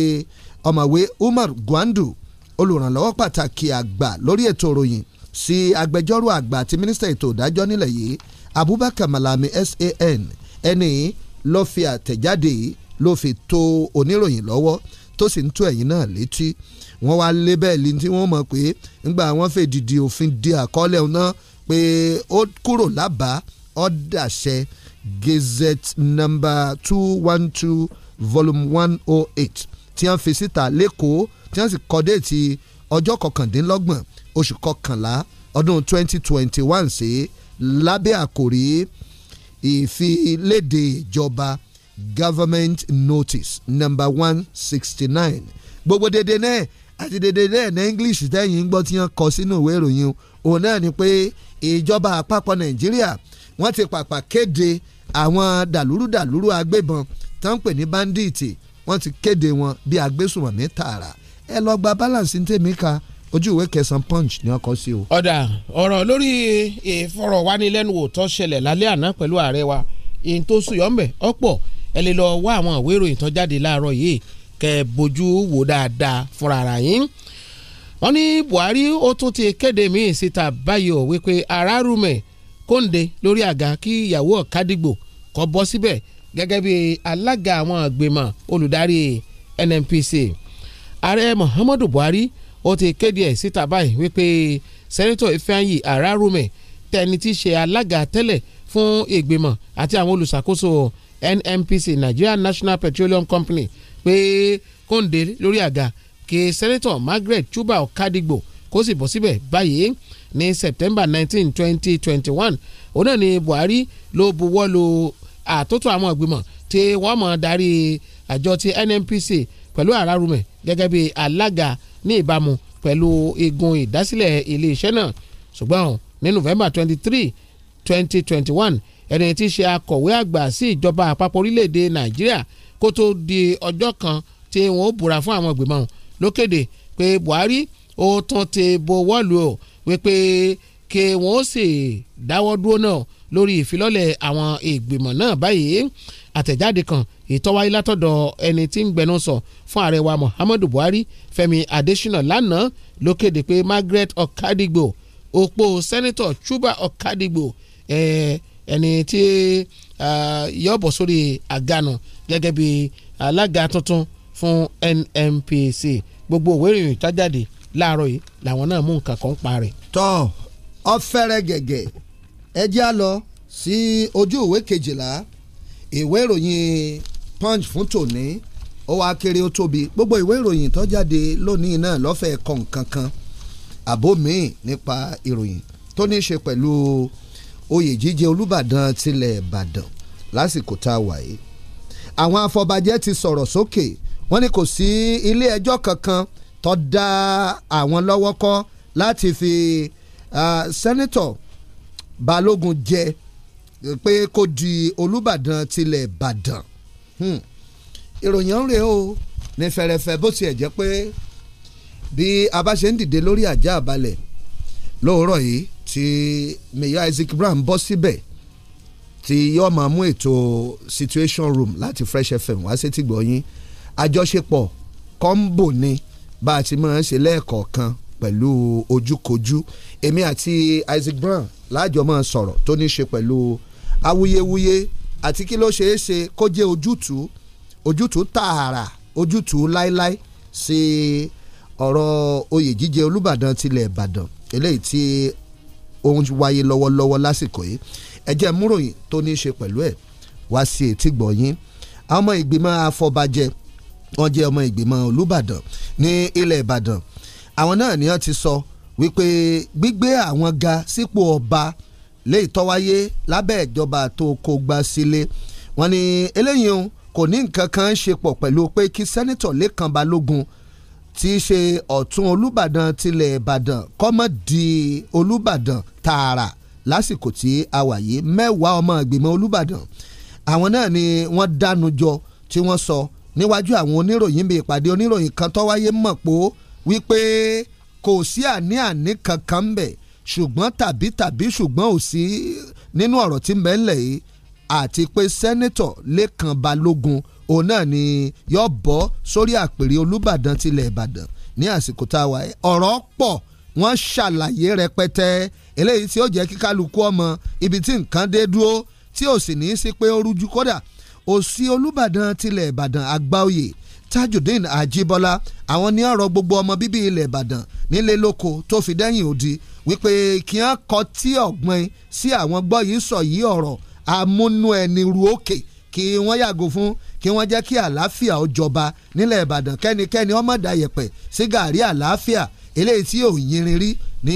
ọ̀mọ̀wé Umar Gwandu olùrànlọ́wọ́ pàtàkì àgbà lórí ètò ìròyìn sí agbẹjọ́rò àgbà àti mínísítà ètò ìdájọ́ nílẹ̀ yìí Abubakar Malami SAN ẹni ló fi àtẹ̀jáde yìí ló fi tó oníròyìn lọ́wọ́ tó sì ń tó ẹ̀yìn náà létí wọ́n wá lé bẹ́ẹ̀lì tí wọ́n mọ̀ pé ńgbà wọ́n fèdìdì òfin di àkọọ́lẹ̀ náà pé ó kúrò lábàá ọ̀dàṣẹ gazette number two one two volume one oh eight tí wọ́n fi síta lẹ́kọ̀ọ́ tí wọ́n sì kọ́ déètì ọjọ́ kọkàndínlọ́gbọ̀n oṣù kọkànlá ọdún twenty twenty one sí lábẹ́ àkòrí ìfiléde ìjọba government notice number one sixty nine gbogbo dédé náà àti dédé náà ní english tẹ́yìn ń gbọ́ tí wọ́n kọ sínú ìwé ìròyìn òun náà ni pé ìjọba àpapọ̀ nàìjíríà wọ́n ti pàpà kéde àwọn dàlúrúdàlúrú agbébọn tó ń pè ní bandits wọ́n ti kéde wọn bí agbésùnmọ̀mí tààrà ẹ lọ gba balance ní tèmi ka ojú ìwé kẹsàn punch ni wọ́n kọ sí o. ọ̀dà ọ̀rọ̀ lórí ìfọ̀rọ̀wánilẹ́nuwò tó ṣẹlẹ̀ lálẹ́ àná pẹ̀lú ààrẹ wa ìyìn tó sùn yọ̀ǹbẹ̀ ọ̀pọ̀ ẹ lè lọ wá àwọn ìwé ìròyìn tó jáde láàárọ̀ yìí kẹ́ ẹ bójú wò dáadáa fúnra ara yín. wọ́n ní Buhari ó tún ti kéde míì síta báyìí ò wípé Arárùmẹ̀ Kóńdé lórí àga kí ìyàwó Ọ̀kadìgbò kó bọ́ síbẹ̀ gẹ́gẹ́ bí alága àwọn ìgbìmọ̀ olùdarí NNPC ààrẹ Muhammadu Buhari ó ti kéde ẹ̀ síta báyìí wípé sẹ́nitọ̀ Ifeanyi Ararume tẹni tí í ṣe alága tẹ́lẹ̀ fún ìgbìmọ̀ àti àwọn olùṣàkóso NNPC Nigeria National Petroleum Company pé kóńdé lórí àga kí sẹ́nitọ̀ Margaret Chuba Okadigbo kó sì bọ́ síbẹ̀ báyìí ní September nineteen twenty twenty one òun náà ni Buhari ló buwọ́ lu àtótó àwọn ìgbìmọ̀ tí wọ́n mọ̀ darí àjọ ti NNPC pẹ̀lú Ararume gẹ́gẹ́ bí alága ní ìbámu pẹ̀lú igun ìdásílẹ̀ iléeṣẹ́ náà ṣùgbọ́n ní november twenty three twenty twenty one ẹni tí í ṣe akọ̀wé àgbà sí ìjọba àpapọ̀ orílẹ̀-èdè nàìjíríà kó tó di ọjọ́ kan tí wọ́n ó búra fún àwọn ìgbìmọ̀ ló kéde pé buhari ó tún ti bọwọ́lù o wípé kí wọ́n sì dáwọ́ dúró náà lórí ìfilọ́lẹ̀ àwọn ìgbìmọ̀ náà báyìí àtẹ̀jáde kan ìtọ́wáyé látọ̀dọ̀ ẹni tí ń gbẹnusọ fún ààrẹ wa Muhammadu Buhari Fẹ́mi Adésínà lánàá ló kéde pé Margaret Ọ̀kadìgbò opó sẹ́nitọ̀ Chuba Ọ̀kadìgbò ẹni tí yọ bọ̀ sórí àgànà gẹ́gẹ́ bí alága tuntun fún NNPC gbogbo òwe ìròyìn tó jáde láàárọ̀ yìí làwọn náà mú nǹkan kan pa tọ́ ọ fẹ́rẹ̀ gẹ̀gẹ̀ ẹ já lọ sí ojú ìwé kejìlá ìwé ìròyìn punch fún tòní ó wá kéré ó tóbi gbogbo ìwé ìròyìn tó jáde lónìí náà lọ́fẹ̀ẹ́ kọ̀ nǹkan kan àbó míì nípa ìròyìn tó ní í ṣe pẹ̀lú oyè jíjẹ Olúbàdàn tilẹ̀ Ìbàdàn lásìkò tá a wà yìí àwọn afọbajẹ ti sọ̀rọ̀ sókè wọ́n ní kò sí ilé ẹjọ́ kankan tó dá àwọn lọ́wọ́ kọ́ láti fi ah, sẹ́nitọ̀ Balógun jẹ pé kó di Olúbàdàn tilẹ̀ Ìbàdàn hmm. ìròyìn ń rèé o ní fẹ̀rẹ̀fẹ̀ bó tiẹ̀ jẹ́ pé bí a bá ṣe ń dìde lórí àjà àbálẹ̀ lóòrọ̀ yìí tí mayor Isaac Brown bọ́ síbẹ̀ tí yóò máa mú ètò situation room láti Fresh FM wá ti gbọ̀nyìn àjọṣepọ̀ kọ́ńbò ni bá a ti máa ń ṣe lẹ́ẹ̀kọ̀ọ̀kan pẹ̀lú ojúkojú èmi àti Isaac Brown láàjọ máa sọ̀rọ̀ tó ní í ṣe pẹ̀lú awuyewuye àti kí ló ṣeé ṣe kó jẹ́ ojútùú ojútùú tààrà ojútùú láíláí sí ọ̀rọ̀ oyè jíjẹ Olúbàdàn tilẹ̀ Ìbàdàn eléyìí tí ó ń wáyé lọ́wọ́lọ́wọ́ lásìkò yìí ẹ jẹ́ múròyìn tó ní í ṣe pẹ̀lú ẹ̀ wá sí etí gbọ̀nyìn àwọn ọmọ ìgbìmọ̀ afọbajẹ wọn jẹ́ ọmọ ìgbìmọ̀ Olúbàdàn ní ilẹ̀ Ìbàdàn àwọn náà ni wọ́n ti sọ wípé gbígbé àwọn ga sípò ọba si léyìí tó wáyé lábẹ́ ìjọba tó kó gba sílé wọ́n ní eléyìí o kò ní nǹkan kan ṣe pọ̀ pẹ̀lú pé kí sẹ́nitọ̀ Lékan Balógun tí í ṣe ọ̀tún Olúbàdàn tilẹ̀ Ìbàdàn kọ́mọ́ di Olúbàdàn tààrà lásìkò tí a wà yìí mẹ́wàá ọmọ ìgbìmọ̀ Olúbàdàn àwọn náà ni wọ́n dánu jọ tí wọ́n sọ níwájú àwọn oníròyìn bíi ìpàdé oníròyìn kan tó mọ̀ pé wípé kò sí àní àní kankan bẹ́ẹ̀ ṣùgbọ́n tàbí tàbí ṣùgbọ́n ò sí nínú ọ̀rọ̀ tí mẹ́lẹ̀ yìí àti pé sẹ́nẹ́tọ̀ Lékan Balógun òun náà ni yóò bọ́ sórí àpèrè Olúbàdàn tilẹ̀ Ìbàdàn ní àsìkò tá a wà yìí ọ̀rọ̀ pọ̀ wọ́n ṣàlàyé rẹpẹtẹ eléyìí tí ó jẹ́ kí kálukú ọmọ ibi tí nǹkan dé dúró tí ò sì ní í sí pé ó rújú kódà òsì Olúbàdàn tilẹ̀ Ìbàdàn àgbáòye tajudeen ajibola àwọn ní ọ̀rọ̀ gbogbo ọmọ bíbí ilẹ̀ ìbàdàn nílé lóko tó fi dẹ́yìn odi wípé kí wọ́n kọtí ọ̀gbìn sí àwọn gbọ́ yìí sọ yìí ọ̀rọ̀ amúnú ẹni ru òkè kí wọ́n yàgò fún kí wọ́n jẹ́ kí àlàáfíà ó jọba nílẹ̀ ìbàdàn kẹ́nikẹ́ni ọmọ dayẹ̀pẹ̀ sí gàrí àlàáfíà eléyìí tí ò yinrin rí ní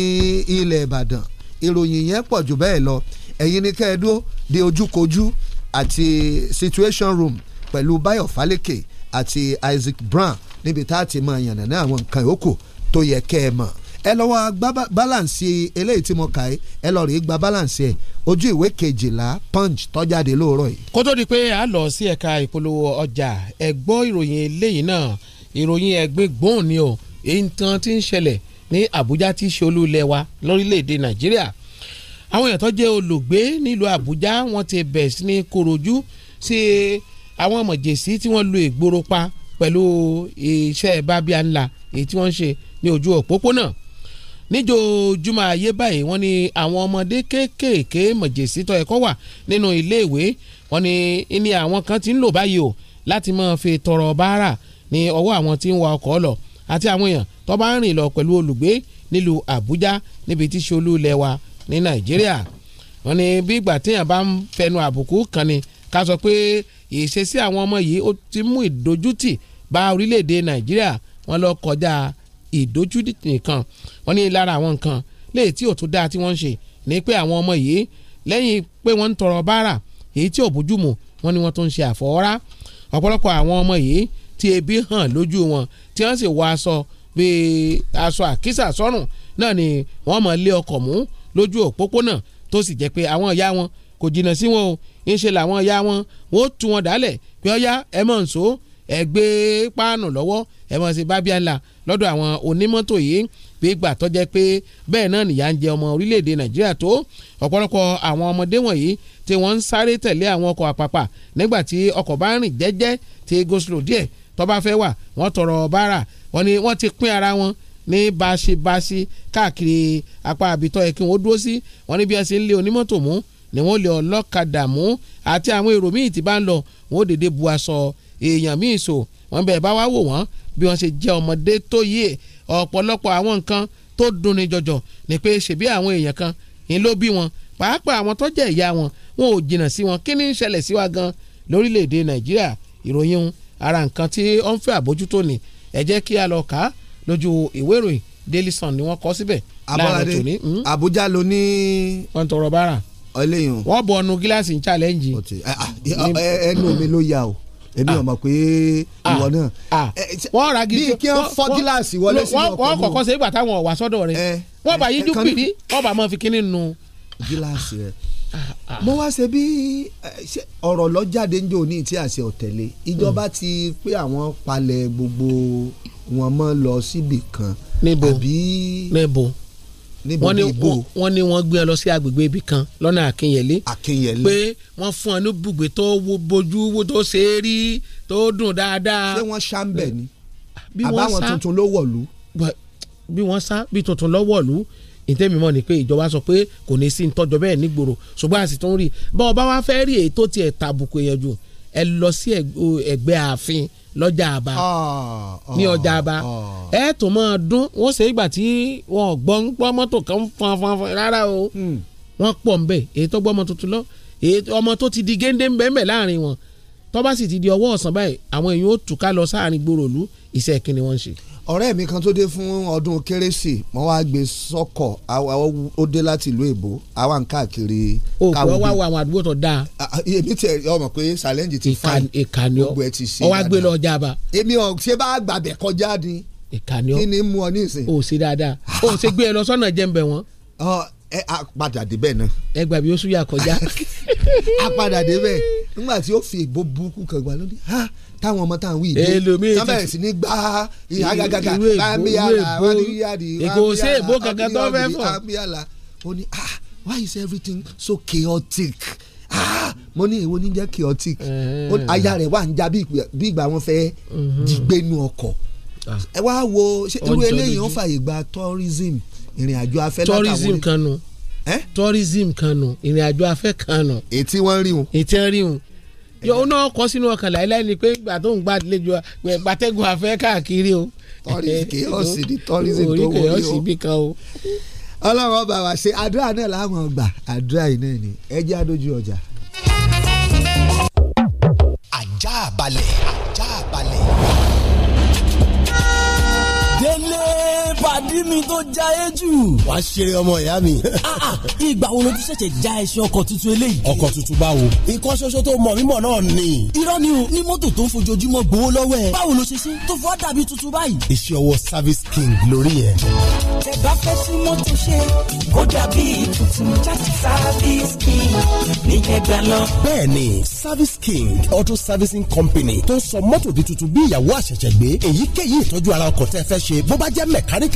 ilẹ̀ ìbàdàn ìròyìn yẹn pọ̀ jù bẹ́ẹ̀ lọ ẹ̀yin ni kẹ́ẹ̀dó de ojúkojú àti situation room pẹ̀lú báyọ̀ fálékè àti Isaac Brown níbi tá a ti mọ ìyànnà ní àwọn nǹkan yòókù tó yẹ kẹ́ ẹ mọ̀ ẹ lọ́wọ́ gba balance eléyìí tí mo kà é ẹ lọ́ọ́ rí gba balance ẹ̀ ojú ìwé kejìlá punch tó jáde lóòrọ̀ yìí. kó tó di pé a lọ sí ẹ̀ka ìpolówó ọjà ẹ gbọ́ ìròyìn eléyìí náà ìròyìn ẹ̀gbin gbóhùn ni o èyí tán ti ń ṣẹlẹ̀ ní Àbújá tí í ṣe olú ilẹ̀ wa lórílẹ̀‐èdè Nàìjíríà àwọn èèyàn jẹ́ olùgbé nílùú Àbújá wọ́n ti bẹ̀ sí ní korojú sí àwọn mọ̀jẹ̀sí tí wọ́n lu ìgboro pa pẹ̀lú iṣẹ́ bábíà ńlá èyí tí wọ́n ń ṣe ní ojú òpópónà níjojúmọ́ ayé báyìí wọ́n ní àwọn ọmọdé kéékèèké mọ̀jẹ̀sí tó ẹ̀kọ́ wà nínú iléèwé wọ́n ní ní àwọn kan ti ń lò báyìí o láti máa fi tọrọ báárà ní ọwọ́ àwọn tí ń wa ọkọ̀ lọ àti àwọn èèyàn tó bá ń rìn lọ pẹ̀lú olùgbé nílùú Àbújá níbi tí ṣolú ilẹ̀ wa ní Nàìjíríà wọ́n ní bí ìgbà téèyàn bá ń fẹnu àbùkù kan ni ká sọ pé ìṣesí àwọn ọmọ yìí ó ti mú ìdójútì bá orílẹ̀-èdè nàìjíríà wọ́n lọ kọjá ìdójútì nìkan wọ́n ní lára àwọn nǹkan léè tí ò tún dáa tí wọ́n ń ṣe ni pé àwọn ọmọ yìí lẹ́yìn pé wọ́n ń tọrọ báárà èyí tí ò bójúmu wọ́n ní wọ́n tún ń ṣe àfọwọ́rá ọ̀pọ̀lọpọ̀ àwọn ọmọ yìí tí ebi hàn lójú wọn tí wọ́n sì wọ aṣọ bíi aṣọ àkísà sọ́rùn náà ni wọ́n mọ̀ lé ọkọ̀ mú lójú òpópónà tó sì jẹ́ pé àwọn ìyá wọn kò jìnnà sí wọn o ńṣe làwọn ya wọn wọn ó tú wọn dálẹ̀ pé ọ́yá ẹ mọ̀ nsó ẹ gbé páànù lọ́wọ́ ẹ mọ̀ sí bábíàlà lọ́dọ̀ àwọn onímọ́tò yìí pé gbà tó jẹ́ pé bẹ́ẹ̀ náà nìyà ń jẹ ọmọ orílẹ̀-èdè nàìjíríà tó ọ̀pọ̀lọpọ̀ àwọn ọmọdé wọ̀nyí tí wọ́n ń sáré tẹ̀lé àwọn ọkọ̀ àpapà nígbà tí ọkọ̀ bá rìn jẹ́jẹ́ tí go díẹ̀ tó fẹ́ wà wọ́n tọrọ báárà wọ́n ní wọ́n ti pín ara wọn ní báṣibáṣi káàkiri apá àbítọ́ ẹ̀kí wọn ó dúró sí wọ́n ní bí wọ́n ṣe ń lé onímọ́tò mú ni wọ́n lé ọlọ́kadà mú àti àwọn èrò míì tí bá ń lọ wọ́n dédé bu aṣọ èèyàn míì so wọ́n bẹ̀ bá wá wò wọ́n bí wọ́n ṣe jẹ́ ọmọdé tó yíè ọ̀pọ̀lọpọ̀ àwọn nǹkan tó dunni jọjọ ni pé ṣèbí àwọn èèyàn kan ń ló bí wọn pàápàá àwọn tó jẹ́ ìyá wọn wọn ò jìnnà sí wọn kí ni ń ṣẹlẹ̀ sí wa gan lórílẹ̀‐èdè nàìjíríà ìròyìn ara nǹkan tí ó ń fẹ́ àbójútó ni ẹ jẹ́ kí a lọ kà á lójú ìwé ìròyìn daily sun ni wọ́n kọ síbẹ̀ láàárọ̀ tòní. àbújá hmm? ló ní. wọ́n tọrọ bára eléyìí. wọ́n bọ̀ ọ̀nù gíláàsì ń challenge. ẹnu mi ló yà o èmi ò mọ̀ pé ah, ìwọ náà. Ah, wọ́n ra gidi bíi kí wọ́n fọ́ gíláàsì wọlé sínú ọkọ̀ mọ́. wọ́n kọ̀kọ́ ṣe é gbà táwọn ọ̀wà sọ́dọ̀ rẹ̀ wọ́n bá yíjú pìrí wọ́n bá máa fi kíní nu. gíláàsì rẹ̀ ah, mo wá ṣe bí ọ̀rọ̀ lọ jáde ní òní tí àṣẹ ọ̀tẹ̀lé ìjọba hmm. ti pé àwọn palẹ̀ gbogbo wọn mọ́ lọ síbì kan. níbo níbo níbodè ìbò wọ́n ní wọ́n gbé ọ lọ sí agbègbè ibì kan lọ́nà àkínyẹ̀lé àkínyẹ̀lé pé wọ́n fún ọ ní bùgbé tó bójú wó tó ṣe é rí tó dùn dáadáa. ṣé wọ́n sá ń bẹ̀ ni àbáwọn tuntun ló wọ̀lú. bí wọ́n sá bí tuntun ló wọ̀lú ìtẹ́mi mọ̀ ni pé ìjọba sọ pé kò ní sí ntọ́jọ bẹ́ẹ̀ nígboro ṣùgbọ́n àti tó ń rí bọ́ọ̀ bá wá fẹ́ rí èyí tó tiẹ̀ tàbùkù èèyàn jù ẹ lọ sí ẹgbẹ́ ààfin lọ́jà àbá ah, ní ah, ọjà àbá ah. ẹ tó máa dún wọ́n ṣe ìgbà tí wọ́n gbọ́ ń gbọ́ mọ́tò kan fọn fọn fọn rárá o hmm. wọ́n pọ̀ ń bẹ̀ èyí tó gbọ́ ọmọ tuntun lọ ọmọ tó ti di géńdé ń bẹ̀ ń bẹ̀ láàrin wọn tó bá sì ti di ọwọ́ ọ̀sán báyìí àwọn èèyàn ó tù ká lọ sáàrin gbòòrò ìlú ni wọ́n ń ṣe ọ̀rẹ́ mi kan tó dé fún ọdún kérésì wọ́n wá gbé sọ́kọ̀ ó dé láti ìlú èbó àwa ń káàkiri. òkú ọwọ́ àwọn àdúgbò tó dáa. èmi tẹ ọmọ pé challenge ti fine ìkànnì ọ ọwọ́ àgbẹ̀ lọ jábà. èmi ò ṣe bá gbàbẹ̀ kọjá ni ìkànnì ọ kí ni mú ọ ní ìsìn. o ṣe dáadáa o ṣe gbé ẹ lọ sọ́nà jẹ́ǹbẹ̀ wọn ẹ a padà débẹ̀ náà. ẹ gbà bí ó súyà kọjá. (laughs) a padà débẹ̀ nígbà tí ó fi ìbò burúkú kan gbà lónìí ha táwọn ọmọ táwọn wí ìdí táwọn bẹ̀rẹ̀ sí ní gbá ìhàgàgàgà bámbíyàlà wádìíyàdì èkó ṣe kankan tó fẹ́ fọ̀. bámbíyàlà ó ní ah why is everything so chaotic ah mo ní èwo ní jẹ́ chaotic aya rẹ̀ wà ń já bí ìgbà wọn fẹ́ jígbénu ọkọ̀ ah. ẹ wá wo irú eléyìí ó fàyè gba tourism ìrìn àjò afẹ́ látàwọn tourism kan nù tourism kan nù ìrìn àjò afẹ́ kan nù. ètí wọ́n rí wọn. ètí wọ́n rí wọn yọ ọ náà kọ sínú ọkàn láéláé ni pé ìgbà tó ń gbà lẹjọ gbàtẹ́gùn afẹ́ káàkiri o. tourism kìyọ́sì (laughs) ni tourism tó wọlé o. orí kìyọ́sì bí kan o ọlọ́run ọba wa ṣe àdúrà náà láwọn gbà àdúrà yìí náà ni ẹ àdójú ọjà. ajá balẹ̀ ajá balẹ̀. pàdí mi tó já e jù. wàá ṣeré ọmọ ìyá mi. Ah, ah, ìgbà wo ló ti ṣẹ̀ṣẹ̀ já ẹṣin ọkọ̀ tuntun eléyìí. ọkọ̀ tuntun báwo. ikọ́ ṣoṣo tó mọ̀ mímọ̀ náà ni. irọ́ ni o ní mọ́tò tó ń fojoojúmọ́ gbowó lọ́wọ́ ẹ̀. báwo ló ṣe ṣe tó fọ́ dàbí tuntun báyìí. iṣẹ́ ọwọ́ service king lórí yẹn. tẹ bá fẹ́ sí mọ́tò ṣe kó dàbí tuntun service king auto servicing company tó ń sọ mọ́tò di tuntun bí ìyàwó àṣẹ̀ṣẹ̀ gbé èyíkéyìí ìtọ́jú ara ọkọ̀ tẹ́ fẹ́ ṣe bó bá jẹ́ mẹkáníkì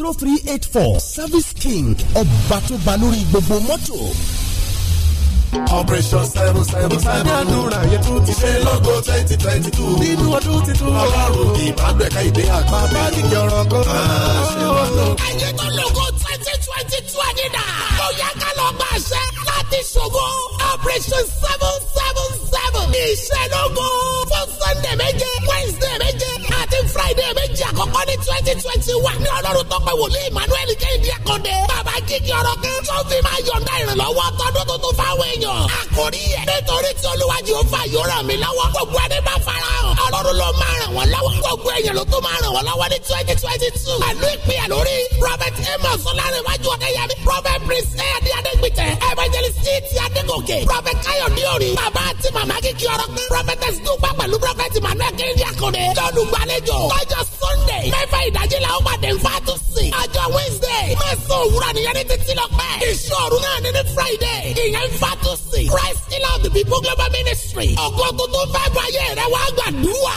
zero three eight four service king ọba tó ba lórí gbogbo mọ́tò. Operation seven seven seven. Ìbádàdúrà yẹn tún ti ṣe lọ́gọ́ twenty twenty two. Nínú ọdún titun. Ọlọ́run ìbádọ́ẹ̀ka ìdè àgbà. Bàbá nìkẹ́ ọ̀rọ̀ kan. Àṣẹ ah, lọ́gọ́. Ayé tó lọ́gọ́ twenty twenty two àdínà. Ó yá ká lọ gba àṣẹ láti ṣògo. Operation seven logo. Ìṣẹ́lógún. Fún Sunday méje, Wednesday méje àti Friday méje. twenty twenty one ní ọlọ́run tó pé wòlíì emmanuel kẹ́hìndé akọ́dé bàbá kíkì ọ̀rọ̀ kan tó fi máa yọ̀ǹda ìrànlọ́wọ́ tọdún tuntun fáwọn èèyàn àkórí ẹ̀ nítorí tí olúwàjú ó fà yóò ràn mí lọ́wọ́ gbogbo ẹni bá fara hàn ọlọ́run ló máa ràn wọ́n lọ́wọ́ gbogbo èèyàn ló tó máa ràn wọ́n lọ́wọ́ ní twenty twenty two pẹ̀lú ìpínyà lórí prophet amos ọlárẹ̀wájú ọ̀dẹ́yẹmí prophet prince ẹ̀yàdí adégbìtẹ̀ e prophet káyọ̀dé òrì bàbá àti prophet emmanuel kẹ́hìndé akọ́dé lọ́dún gbàlejò lọ́jọ́ Monday, mẹ́fà ìdájí la ó máa dé nfa tún sí. ọjọ́ wednesday mẹ́sàn-án òwúrọ̀ nìyẹn ní títí lọ pẹ́. ìṣòro náà ní ní friday ìyẹn nfa tún sí. christ in love the people global ministry. ọkọ̀ tuntun fẹ́ bọ̀ ayé rẹ̀ wá gbàdúrà.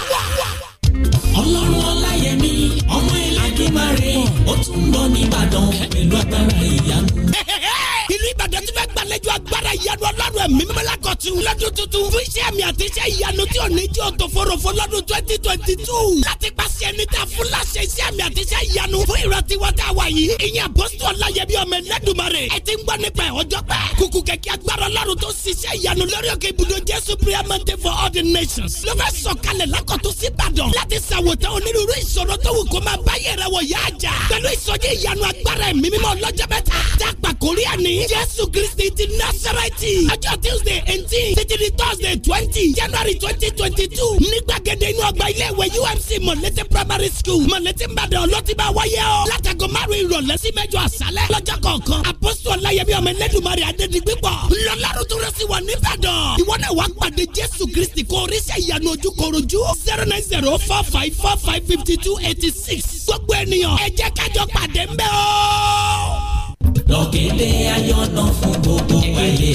ọlọ́run ọláyẹmí ọmọ ilé akéwàre ó tún bọ́ ní ìbàdàn pẹ̀lú agbára ìyanu. ìlú ìbàdàn ti fẹ́ gbà ìgbàlejò agbára ìyanu ọlọ́run ẹ̀mí mímọ́lá kọ̀ tún lọ́dún tuntun fún iṣẹ́ mi àti iṣẹ́ ìyanu tí ò ní jẹ́ òtòfòròfò lọ́dún twenty twenty two láti pàṣẹ ní ta fún láṣẹ iṣẹ́ mi àti iṣẹ́ ìyanu fún ìrántí wọn tá a wà yìí ìyẹn àpọ́sítọ̀ ọláyẹbí ọmọ ẹlẹ́dùnmarè ẹ ti ń gbọ́ nípa ẹ̀ ọjọ́ pẹ́ kùkù kẹ̀kẹ́ agbára ọlọ́run tó ṣiṣẹ́ ìyanu lórí òkè ibùdó jésù priamante for all the nations ló fẹ́ sọ̀kalẹ̀ lákọ̀tún sí ìbàdàn láti ṣàwòtán onírúurú ìṣòro tó wù kó máa bá yẹrẹ wọ̀ yá àjà pẹ̀lú ìsọjí ìyanu agbára ẹ̀mí mímọ́ ọlọ́jọ́ mẹ́ta dàgbà kórí ẹni jésù kristi ti ti Násárẹ́tì. Ọjọ́ Tuesday eighteen títí di Thursday twenty January twenty twenty two ní gbàgede inú ọgbà ilé ìwé UMC Mọ̀lẹ́tì primary school Mọ̀lẹ́tì Ìbàdàn ọlọ́tìbá wáyé o. Látàgọ́ márùn-ún ìrọ̀lẹ́ sí mẹ́jọ àṣálẹ́ lọ́jọ́ kọ̀ọ̀kan. Àpọ́sù Ọláyẹmí ọmọ Ẹlẹ́dùmarè Adédigbígbọ̀. Lọ́lárùtúrọ̀ sì wà ní Ìbàdàn. Ìwọ náà wàá pàdé Jésù Kristi kó oríṣẹ́ ìyanu ojú korojú. zero nine zero four five four five fifty two eighty six. Gbogbo ènìyàn ẹ jẹ́ kájọ pàdé ńbẹ̀ lọ́gẹ̀dẹ̀ ayọ̀nà fún gbogbo ayé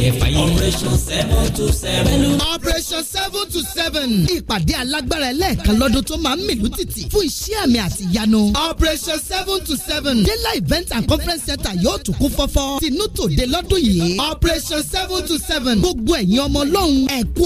operation seven to seven. operation seven to seven ìpàdé alágbára ẹlẹ́ẹ̀kan lọ́dún tó máa ń mìlú tìtì fún iṣẹ́ àmì àti ìyanu. operation seven to seven dela event and conference center yóò tún kún fọ́fọ́ tinú tòde lọ́dún yìí. operation seven to seven gbogbo ẹ̀yin ọmọ ọlọ́run ẹ kú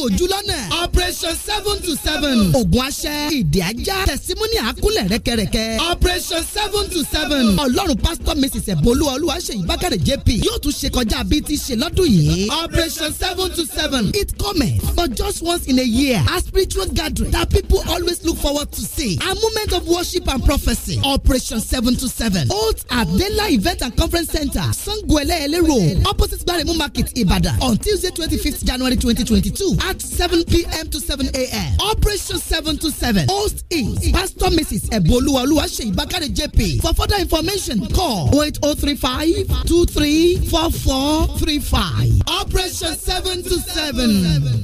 operation seven to seven ògùn aṣẹ ìdè ajá tẹ̀símúnì àkúlẹ̀ rẹ́kẹrẹ́kẹ́. operation seven to seven ọlọ́run pásítọ̀ mrs ẹ̀bọ́lú ọlúwa ṣèyí abubakar jp yóò tún ṣe kọjá bíi ti ṣe lọ́dún yìí operation seven to seven it comes for just once in a year a spiritual gathering that people always look forward to see a moment of worship and prophecy operation seven to seven holds at Dela event and conference center sangoele ele road opposite gbaremu market ibadan on tuesday twenty fifth january twenty twenty two at seven pm to seven am operation seven to seven host is pastor mrs eboluwa oluwaseyi bakare jp for further information call oh eight oh three five two three four four three five operation seven two seven.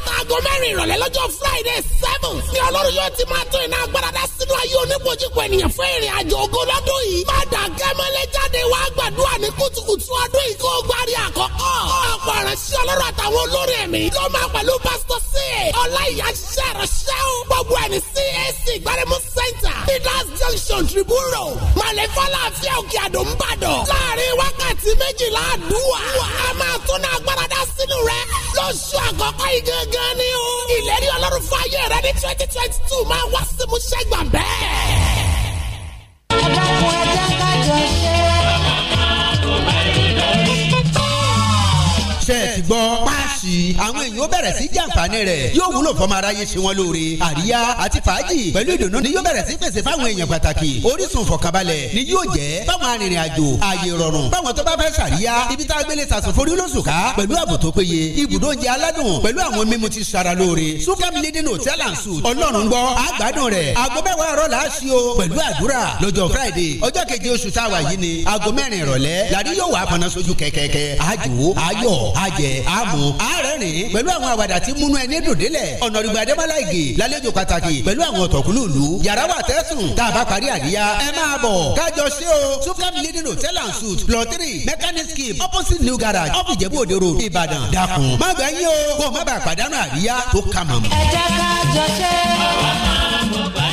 aago mẹ́rin ìrọ̀lẹ́ lọ́jọ́ friday seven ni ọlọ́run yóò ti máa tó iná agbára dá sínú ayé oníkojúkọ ènìyàn fún ìrìn àjò ògo lọ́dún yìí. má dà kẹ́mẹ́lẹ́ jáde wá gbàdúrà ní kùtùkùtù ọdún yìí kó o gbárí àkọ́kọ́. ọ̀pọ̀ ìránṣẹ́ ọlọ́run àtàwọn olórí ẹ̀mí ló máa pẹ̀lú pásítọ̀ sí ẹ̀. ọláìyá ṣiṣẹ́ ìránṣẹ́ o. gbogbo ẹni CAC gbaremu center leaders junction tribune road malefala àfíà òkè àdó ńbàdàn. láàrin wákàtí méjìlá àdúrà. a máa tún ní agbára dá sínú rẹ lóṣù àkọ́kọ́ yìí gángan ní o ìlérí ọlọ́run fún ayé rẹ ní twenty twenty two máa wá sí mú ṣẹ́gbà bẹ́ẹ̀. ṣe é ti gbọ́ sí i àwọn èèyàn ó bẹ̀rẹ̀ sí jàǹfààní rẹ̀ yóò wúlò fọmọ aráyé ṣe wọn lóore àríyá àti fàájì pẹ̀lú ìdùnnú ni yóò bẹ̀rẹ̀ sí fèsì fáwọn èèyàn pàtàkì orísun fọkànbalẹ̀ ni yóò jẹ́ fáwọn arìnrìn àjò ààyè rọrùn fáwọn tó bá fẹ́ sàríyá ibi tá a gbélé sàsùnforí lóṣùká pẹ̀lú ààbò tó péye ibùdó oúnjẹ aládùn pẹ̀lú àwọn mímu ti sara lóore sukam leading hotel and suites ọlọ́run gbọ́ àgbàdùn rẹ̀ aago mẹ́wàá àárọ̀ la ṣí o pẹ̀lú àdúrà lọ́jọ́ friday ọjọ́ keje oṣù táwa yìí ni aago mẹ́rin ìrọ̀lẹ́ làdí yóò wà fọnà sójú kẹ̀kẹ́kẹ́ àjò ayọ̀ àjẹ àmú à àárẹ̀rìn pẹ̀lú àwọn àwàdà tí múnú ẹni dùn délẹ̀ ọ̀nàdùgbà adébálá ìgè lálejò pàtàkì pẹ̀lú àwọn ọ̀tọ̀kùlù ìlú yàrá wà tẹ́sùn tá a bá parí àríyá ẹ máa bọ̀ kájọ ṣe o Supreme leading hotel and suite plot three mechanic scheme opposite new garage off ìjẹ̀bú òde road ìbàdàn dákun má gbà yín o kó o má bàa pàdánù àríyá tó kà mọ́. ẹ jẹ́ ká jọ ṣe. ọ̀rọ̀ máa ń bọ̀ báyìí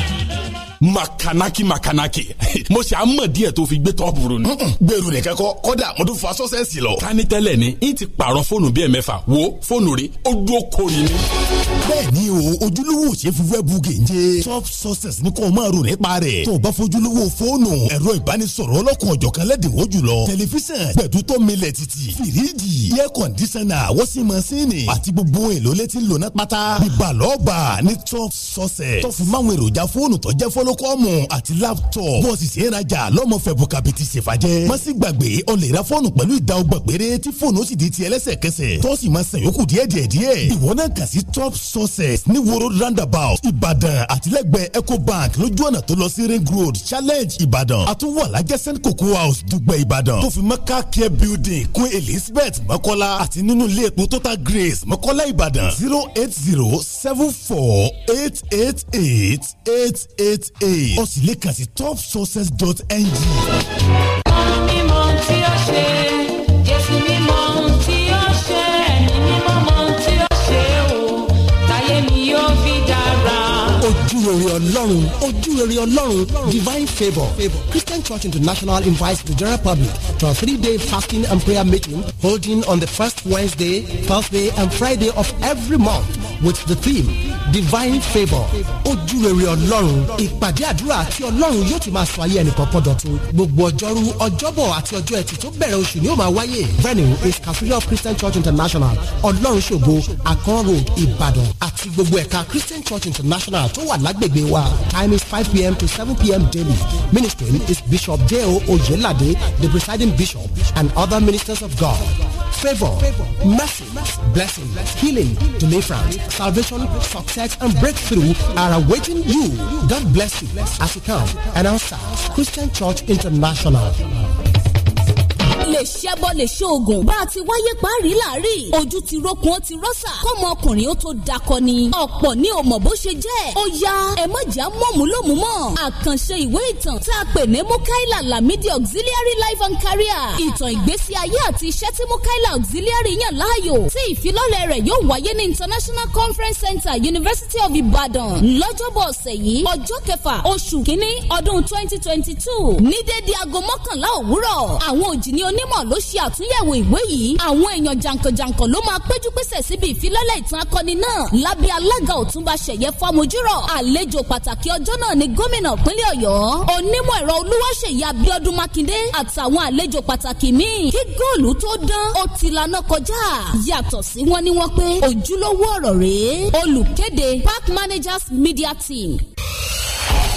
makanaki makanaki (laughs) mo ṣe àmọ̀ díẹ̀ tó fi gbé tọ́pù rò ni. gbèrú nìkan kọ kọ́dà mo tún fa sọ́sẹ̀sì lọ. ká ní tẹ́lẹ̀ ni n ti pààrọ̀ fóònù bíi ẹ̀mẹ́fà wo fóònù rí ojú okò ni. bẹ́ẹ̀ni o ojúlówó ṣe fi wẹ́ẹ̀bù gèje top success ní kò máa rò nípa rẹ̀ tó o bá fojúlówó fóònù ẹ̀rọ ìbánisọ̀rọ̀ ọlọ́kùn ọ̀jọ̀kan lẹ́dínwó jùlọ tẹlifíṣàn gbẹ̀dútọ́ milẹ̀ títì fìríjì iye kọ̀ndísánà wọ́sí masínì àti gbogbo èlò létí lónà pátá bíbalọ́ọ̀bà top success tó fi máwọn èròjà fóònù tó jẹ́ kọ́mù àti laptop bọ́ọ̀sì sì ń rajà lọ́mọ fẹ̀bù kàbìtì ṣèfàjẹ́ má sì gbàgbé ọ lè ra fọ́ọ̀nù pẹ̀lú ìdá ọgbọ̀n péré tí fóònù ó sì di tiẹ̀ lẹ́sẹ̀kẹsẹ̀ tó sì máa san yòókù díẹ̀ díẹ̀ díẹ̀ ìwọ náà kà sí top sources ní woro roundabout ìbàdàn àtìlẹ́gbẹ̀ẹ́ ecobank lójú ọ̀nà tó lọ sí ring road challenge ìbàdàn àtúwọ̀ alájẹ́ send cocoa house dùgbẹ̀ ìbàdàn tó fi mọ́ car care building kún elizabeth mọ́kọ́lá àti nínú ilé epo total grace mọ́kọ́lá ìbàdàn zero eight zero seven four eight eight eight eight eight ó sì lè kàn sí topsources.ng. wọ́n ní mo ti ṣe ọlọ́run ojú rere ọlọ́run divine favour christian church international invites the general public to a three-day fasting and prayer meeting holding on the first wednesday thursday and friday of every month with the theme divine favour ojú rere ọlọ́run ìpàdé àdúrà àti ọlọ́run yóò ti máa sọ ayé ẹnì kọ̀ọ̀kan dọ̀tun gbogbo ọjọ́rú ọjọ́bọ̀ àti ọjọ́ ẹtì tó bẹ̀rẹ̀ oṣù ni ó máa wáyé venue is cathedral christian church international ọlọ́run ṣògo akọ́rò ìbàdàn àti gbogbo ẹ̀ka christian church international tó wà lágbègbè wa hour. Time is 5 p.m. to 7 p.m. daily. Ministering is Bishop Deo Ojelade, the presiding bishop, and other ministers of God. Favor, mercy, blessing, healing, deliverance, salvation, success, and breakthrough are awaiting you. God bless you as you come. Announcer, Christian Church International. lè ṣẹ́bọ lè ṣoògùn bá a ti wáyé parí láàrí ojú ti rókun ó ti rọ́ṣà kọ́mọ ọkùnrin ó tó dakọ ni ọ̀pọ̀ ní ò mọ̀ bó ṣe jẹ́ ó ya ẹ má jà mọ̀mú lómú mọ́ àkànṣe ìwé ìtàn tá a pè ní Mukaila Lamidi auxiliary life and career ìtàn ìgbésí ayé àti iṣẹ́ tí Mukaila auxiliary yàn láàyò tí ìfilọ́lẹ̀ rẹ̀ yóò wáyé ní International Conference Center University of Ibadan lọ́jọ́bọ̀ ọ̀sẹ̀ yìí ọjọ́ kẹfà oṣù kínní ọdún twenty twenty two ní déédéé aago mọ́kànlá òwúrọ̀ àwọn òjì ni oní onímọ̀ ló ṣe àtúnyẹ̀wò ìwé yìí àwọn èèyàn jàǹkànjàǹkàn ló máa péjú pésẹ̀ síbi ìfilọ́lẹ̀ ìtàn akọni náà lábẹ́ alága òtúnba ṣẹ̀yẹ fọmùjúrọ̀ àlejò pàtàkì ọjọ́ náà ni gómìnà pínlẹ̀ ọ̀yọ́ onímọ̀ ẹ̀rọ olúwaṣèyí abíọ́dún mákindé àtàwọn àlejò pàtàkì míì kí góòlù tó dán ó ti laná kọjá yàtọ̀ sí wọn ni wọ́n pé ojúlówó ọ̀rọ̀ rèé olùkéde park managers media team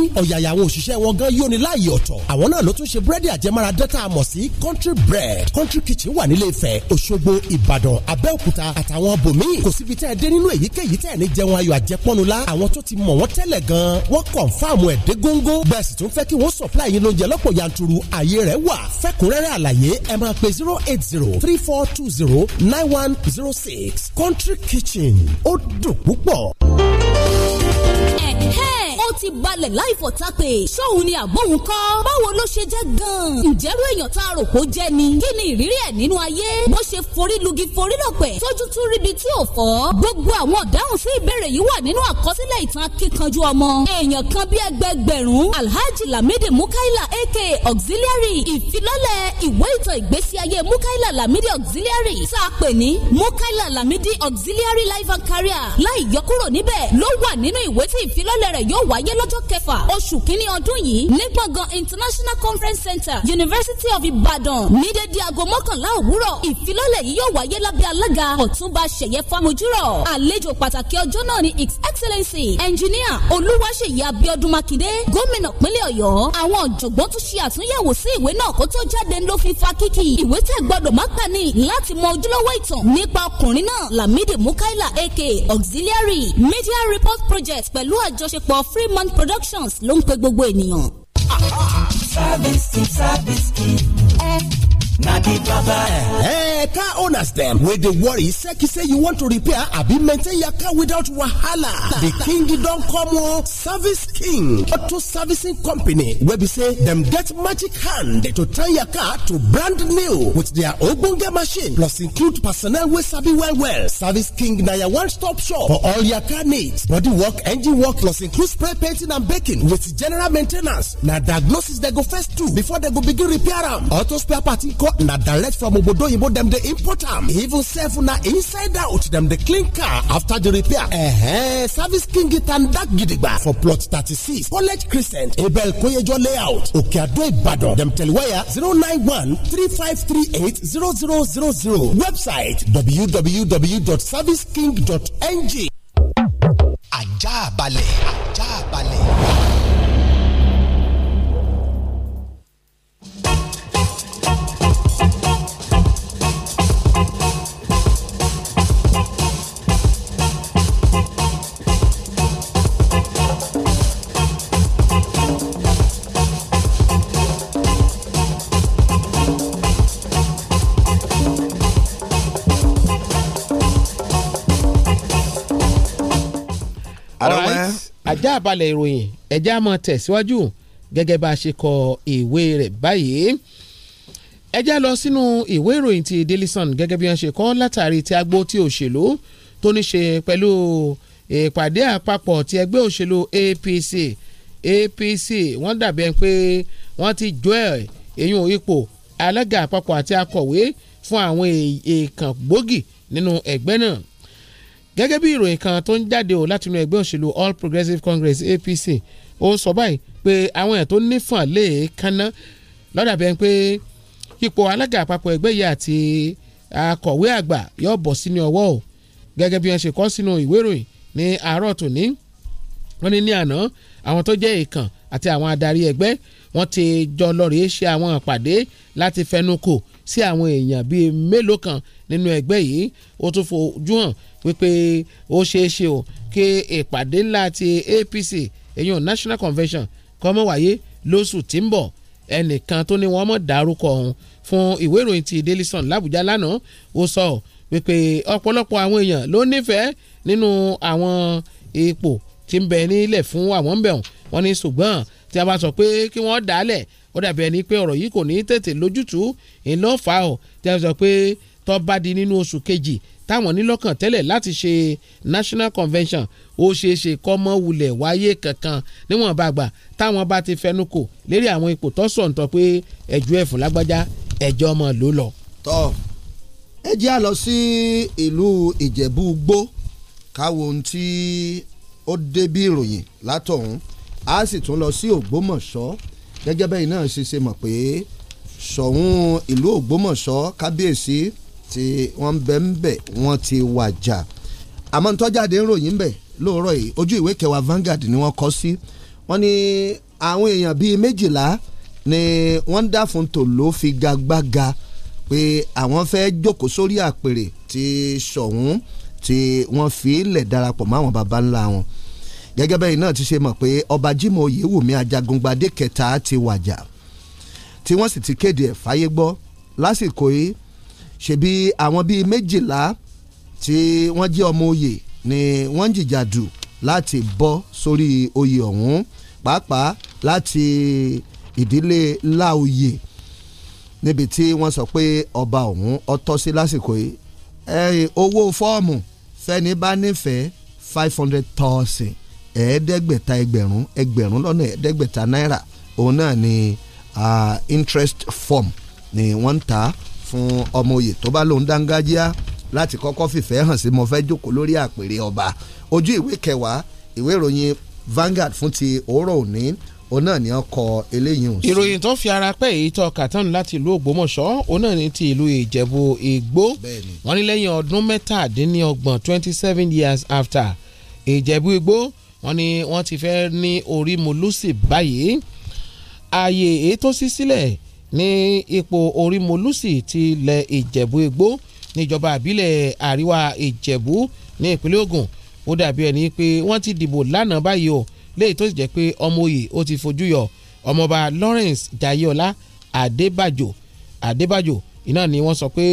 ní ọ̀yàyà òṣìṣẹ́ wọn gan yóò ní láàyè ọ̀tọ̀ àwọn náà ló tún ṣe búrẹ́dì àjẹmára dẹ́ta àmọ̀ sí country bread country kitchen wà nílé Ifẹ̀ Òṣogbo Ìbàdàn Abẹ́òkúta àtàwọn bòmíì kò síbi tẹ́ ẹ dé nínú èyíkéyìí tẹ́ ẹ ní jẹun ayọ̀ àjẹpọ́nulá àwọn tó ti mọ̀ wọ́n tẹ́lẹ̀ gan wọ́n kọ̀ǹfàmù ẹ̀ dé góńgó bẹ́ẹ̀ sì tún fẹ́ supply yín lóúnjẹ lọ́pọ̀ yanturu ààyè rẹ̀ wà fẹ́kúnrẹ́rẹ́ àlàyé country kitchen ó ó ti balẹ̀ láì fọ̀tàpè ṣóun ni àbóhun kọ́ báwo ló ṣe jẹ́ gan-an ìjẹ́rú èèyàn tá a rò kó jẹ́ ni kí ni ìrírí ẹ̀ nínú ayé bó ṣe forí lugi forí lọ̀pẹ̀ tójú tún ríbi tí ò fọ́ gbogbo àwọn ọ̀dáhùn sí ìbéèrè yìí wà nínú àkọsílẹ̀ ìtàn akíkanjú ọmọ èèyàn kan bí ẹgbẹgbẹ̀rún alhaji lamidi mukaila aka auxiliary ìfilọ́lẹ̀ ìwé ìtàn ìgbésí ayé mukaila lamidi auxiliary tá a pè ní mukaila lamidi auxiliary life and career láì yọkúrò níbẹ̀ ló wà nínú ìwé tí ìfilọ́lẹ̀ rẹ̀ yóò wáyé wáyé lọ́jọ́ kẹfà oṣù kínní ọdún yìí ní gbọ̀ngàn international conference center university of ibadan ní dédé aago mọ́kànlá òwúrọ̀ ìfilọ́lẹ̀ yìí yóò wáyé lábẹ́ alága ọ̀túnba ṣẹ̀yẹ fámojúrọ̀ àlejò pàtàkì ọjọ́ náà ni his excellency engineer olúwaṣeyí abiodun makinde gómìnà pínlẹ̀ ọ̀yọ́ àwọn ọ̀jọ̀gbọ́n tún ṣe àtúnyẹ̀wò sí ìwé náà kó tó jáde ló fi fa kíkì ìwé tẹ̀ gbọ́dọ̀ má kà ní láti mọ ojúlówó ìtàn nípa ọkùnrin náà lamidi mukaila aka auxiliary media report project pẹ̀lú àjọṣepọ̀ free man productions ló ń pe gbogbo ènìyàn. service team service team na di driver eh car owners dem wey dey worry seki say you want to repair abi maintain your car without wahala The king don come o oh, service king auto servicing company wey be say dem get magic hand to turn your car to brand new with their ogbonge machine plus include personnel wey sabi well well service king na your one stop shop for all your car needs body work engine work plus include spray painting and baking with general maintenance na diagnosis dem go first do before dem go begin repair am auto spare parts na direct from obodo oyibo dem dey import am even sef na inside out dem dey clean car after the repair eh service king tanda gidigba for plot thirty-six college crescent abel koyejo layout okeado ibadan dem telewire zero nine one three five three eight zero zero zero zero website www.serviceking.ng. ajá balẹ̀ ajá balẹ̀. ajá àbálẹ̀ ìròyìn ẹ̀já máa tẹ̀síwájú gẹ́gẹ́ bá a ṣe kọ ìwé rẹ̀ báyìí ẹjá lọ sínú ìwé ìròyìn ti Daily Sun gẹ́gẹ́ bí wọ́n ṣe kọ látàrí ti agbó ti òṣèlú tó ní ṣe pẹ̀lú ìpàdé àpapọ̀ ti ẹgbẹ́ òṣèlú APC APC wọ́n dàbí ẹni pé wọ́n ti jó ẹ̀ èyún ipò alága àpapọ̀ àti akọ̀wé fún àwọn èèkàn gbòógì nínú ẹgbẹ́ náà gẹ́gẹ́ bí ìròyìn kan tó ń jáde o látinú ẹgbẹ́ òṣèlú All Progressives Congress APC ó sọ báyìí pé àwọn ẹ̀ tó nífọ̀n lè kánná lọ́dà bẹ́ẹ̀ pé ipò alága àpapọ̀ ẹgbẹ́ yìí àti akọ̀wé àgbà yóò bọ̀ sí ní ọwọ́ o gẹ́gẹ́ bí wọ́n ṣe kọ sínú ìwé ìròyìn ní àárọ̀ tòní wọ́n ní ní àná àwọn tó jẹ́ ìkàn àti àwọn adarí ẹgbẹ́ wọ́n ti jọ lọ ṣe àwọn ìpàdé láti fẹnukò sí àwọn èèyàn bíi mélòó kan nínú ẹgbẹ́ yìí ó tún fojú hàn wípé ó ṣeé ṣe o kí ìpàdé ńlá ti APC èyí national convention kọ́mọ wáyé lóṣù tí ń bọ̀ ẹnìkan tó ní wọ́n mọ̀ dárúkọ ọ̀hún fún ìwé ìròyìn ti Daily Sun làbújá lánàá ó sọ wípé ọ̀pọ̀lọpọ̀ àwọn èèyàn ló nífẹ̀ẹ́ nínú àwọn ipò tí ń bẹ nílẹ̀ fún àwọn ń bẹ̀rùn wọn ní ṣùgbọ́n tí a bá sọ pé kí wọ́n dálẹ̀ ó dàbí ẹni pé ọ̀rọ̀ yìí kò ní tètè lójútùú ńlọ́fà ọ̀ tí a sọ pé tó bá di nínú oṣù kejì táwọn nílọ́kàn tẹ́lẹ̀ láti ṣe national convention ó ṣeé ṣe kọ́mọ wulẹ̀ wáyé kankan níwọ̀n bá gbà táwọn bá ti fẹnu kò lérí àwọn ipò tó sọ̀ǹtọ̀ pé ẹ̀jú ẹ̀fún lágbájá ẹ̀jọ́ ọmọ ló lọ. tọ́ ẹ jẹ́ à lọ sí ìlú ìjẹ̀bú gbó káwo ohun tí ó dé bí ìròyìn látọ̀hún a sì tún lọ sí ògbómọ̀ṣọ́ gẹ́gẹ́ bẹ́ẹ̀ náà ṣe ṣe mọ̀ pé sọ̀hún ìlú ògbómọ̀ṣọ́ kábíyèsí tí wọ́n bẹ̀ ń bẹ̀ wọ́n ti wàjà àmọ́ ntọ́jáde ń ròyìn bẹ̀ lóòrọ̀ yìí ojú ìwé kẹwàá Vanguard ni wọ́n kọ sí wọ́n ní àwọn èèyàn bíi méjìlá ni wọ́n ń dá fún tòló fi gagbága pé àwọn fẹ́ jókòó sórí àpèrè ti sọ̀hún tí wọ́n fi lẹ̀ darapọ̀ mọ́ àwọn baba ńlá wọn gẹ́gẹ́ bẹ́ẹ̀ náà ti ṣe mọ̀ pé ọba Jimoh Oyewumi Ajagungbadé ti wàjà tí wọ́n sì ti kéde ẹ̀ fáyé gbọ́ lásìkò yìí ṣebí àwọn bíi méjìlá tí wọ́n jẹ́ ọmọ oyè ni wọ́n ń jìjàdù láti bọ́ sórí oyè ọ̀hún pàápàá láti ìdílé láòyè níbi tí wọ́n sọ pé ọba ọ̀hún ọtọ́ sí lásìkò yìí ẹ̀ owó fọ́ọ̀mù fẹ́ni bá nífẹ̀ẹ́ five hundred thousand ẹ̀ẹ́dẹ́gbẹ̀ta ẹgbẹ̀rún ẹgbẹ̀rún lọ́nà ẹ̀ẹ́dẹ́gbẹ̀ta náírà òun náà ni ah, interest form ni wọ́n ń ta á fún ọmọ oyè tó bá lòun dángájíá láti kọ́kọ́ fìfẹ́ hàn sí mo fẹ́ jókòó lórí àpèrè ọba ojú ìwé kẹwàá ìwé ìròyìn Vanguard fún ti òórọ̀ òní òun náà ni wọn kọ eléyìí hùn sí. ìròyìn tó fi ara pẹ́ èyí tó kàtàn láti ìlú Ògbómọ̀ṣọ́ òun náà ní ti ìlú Ìjẹ̀bú Igbó wọn ní lẹ́yìn ọdún mẹ́tàdínlọ́gbọ̀n twenty seven years after Ìjẹ̀bú Igbó wọn ni wọ́n ti fẹ́ ní orí molusi báyìí ààyè èyí tó ṣí sílẹ̀ ní ipò orímolúsì ti ilẹ̀ ìjẹ̀bú igbó níjọba àbílẹ̀ àríwá ìjẹ̀bú ní ìpínlẹ̀ Ògùn ó dàbí ẹni pé wọ́n ti dìbò lánàá báyìí o léyìí tó sì jẹ́ pé ọmọ òye ó ti fojú yọ ọmọọba Lawrence Jayeola Adébàjò Adébàjò iná ni wọ́n sọ pé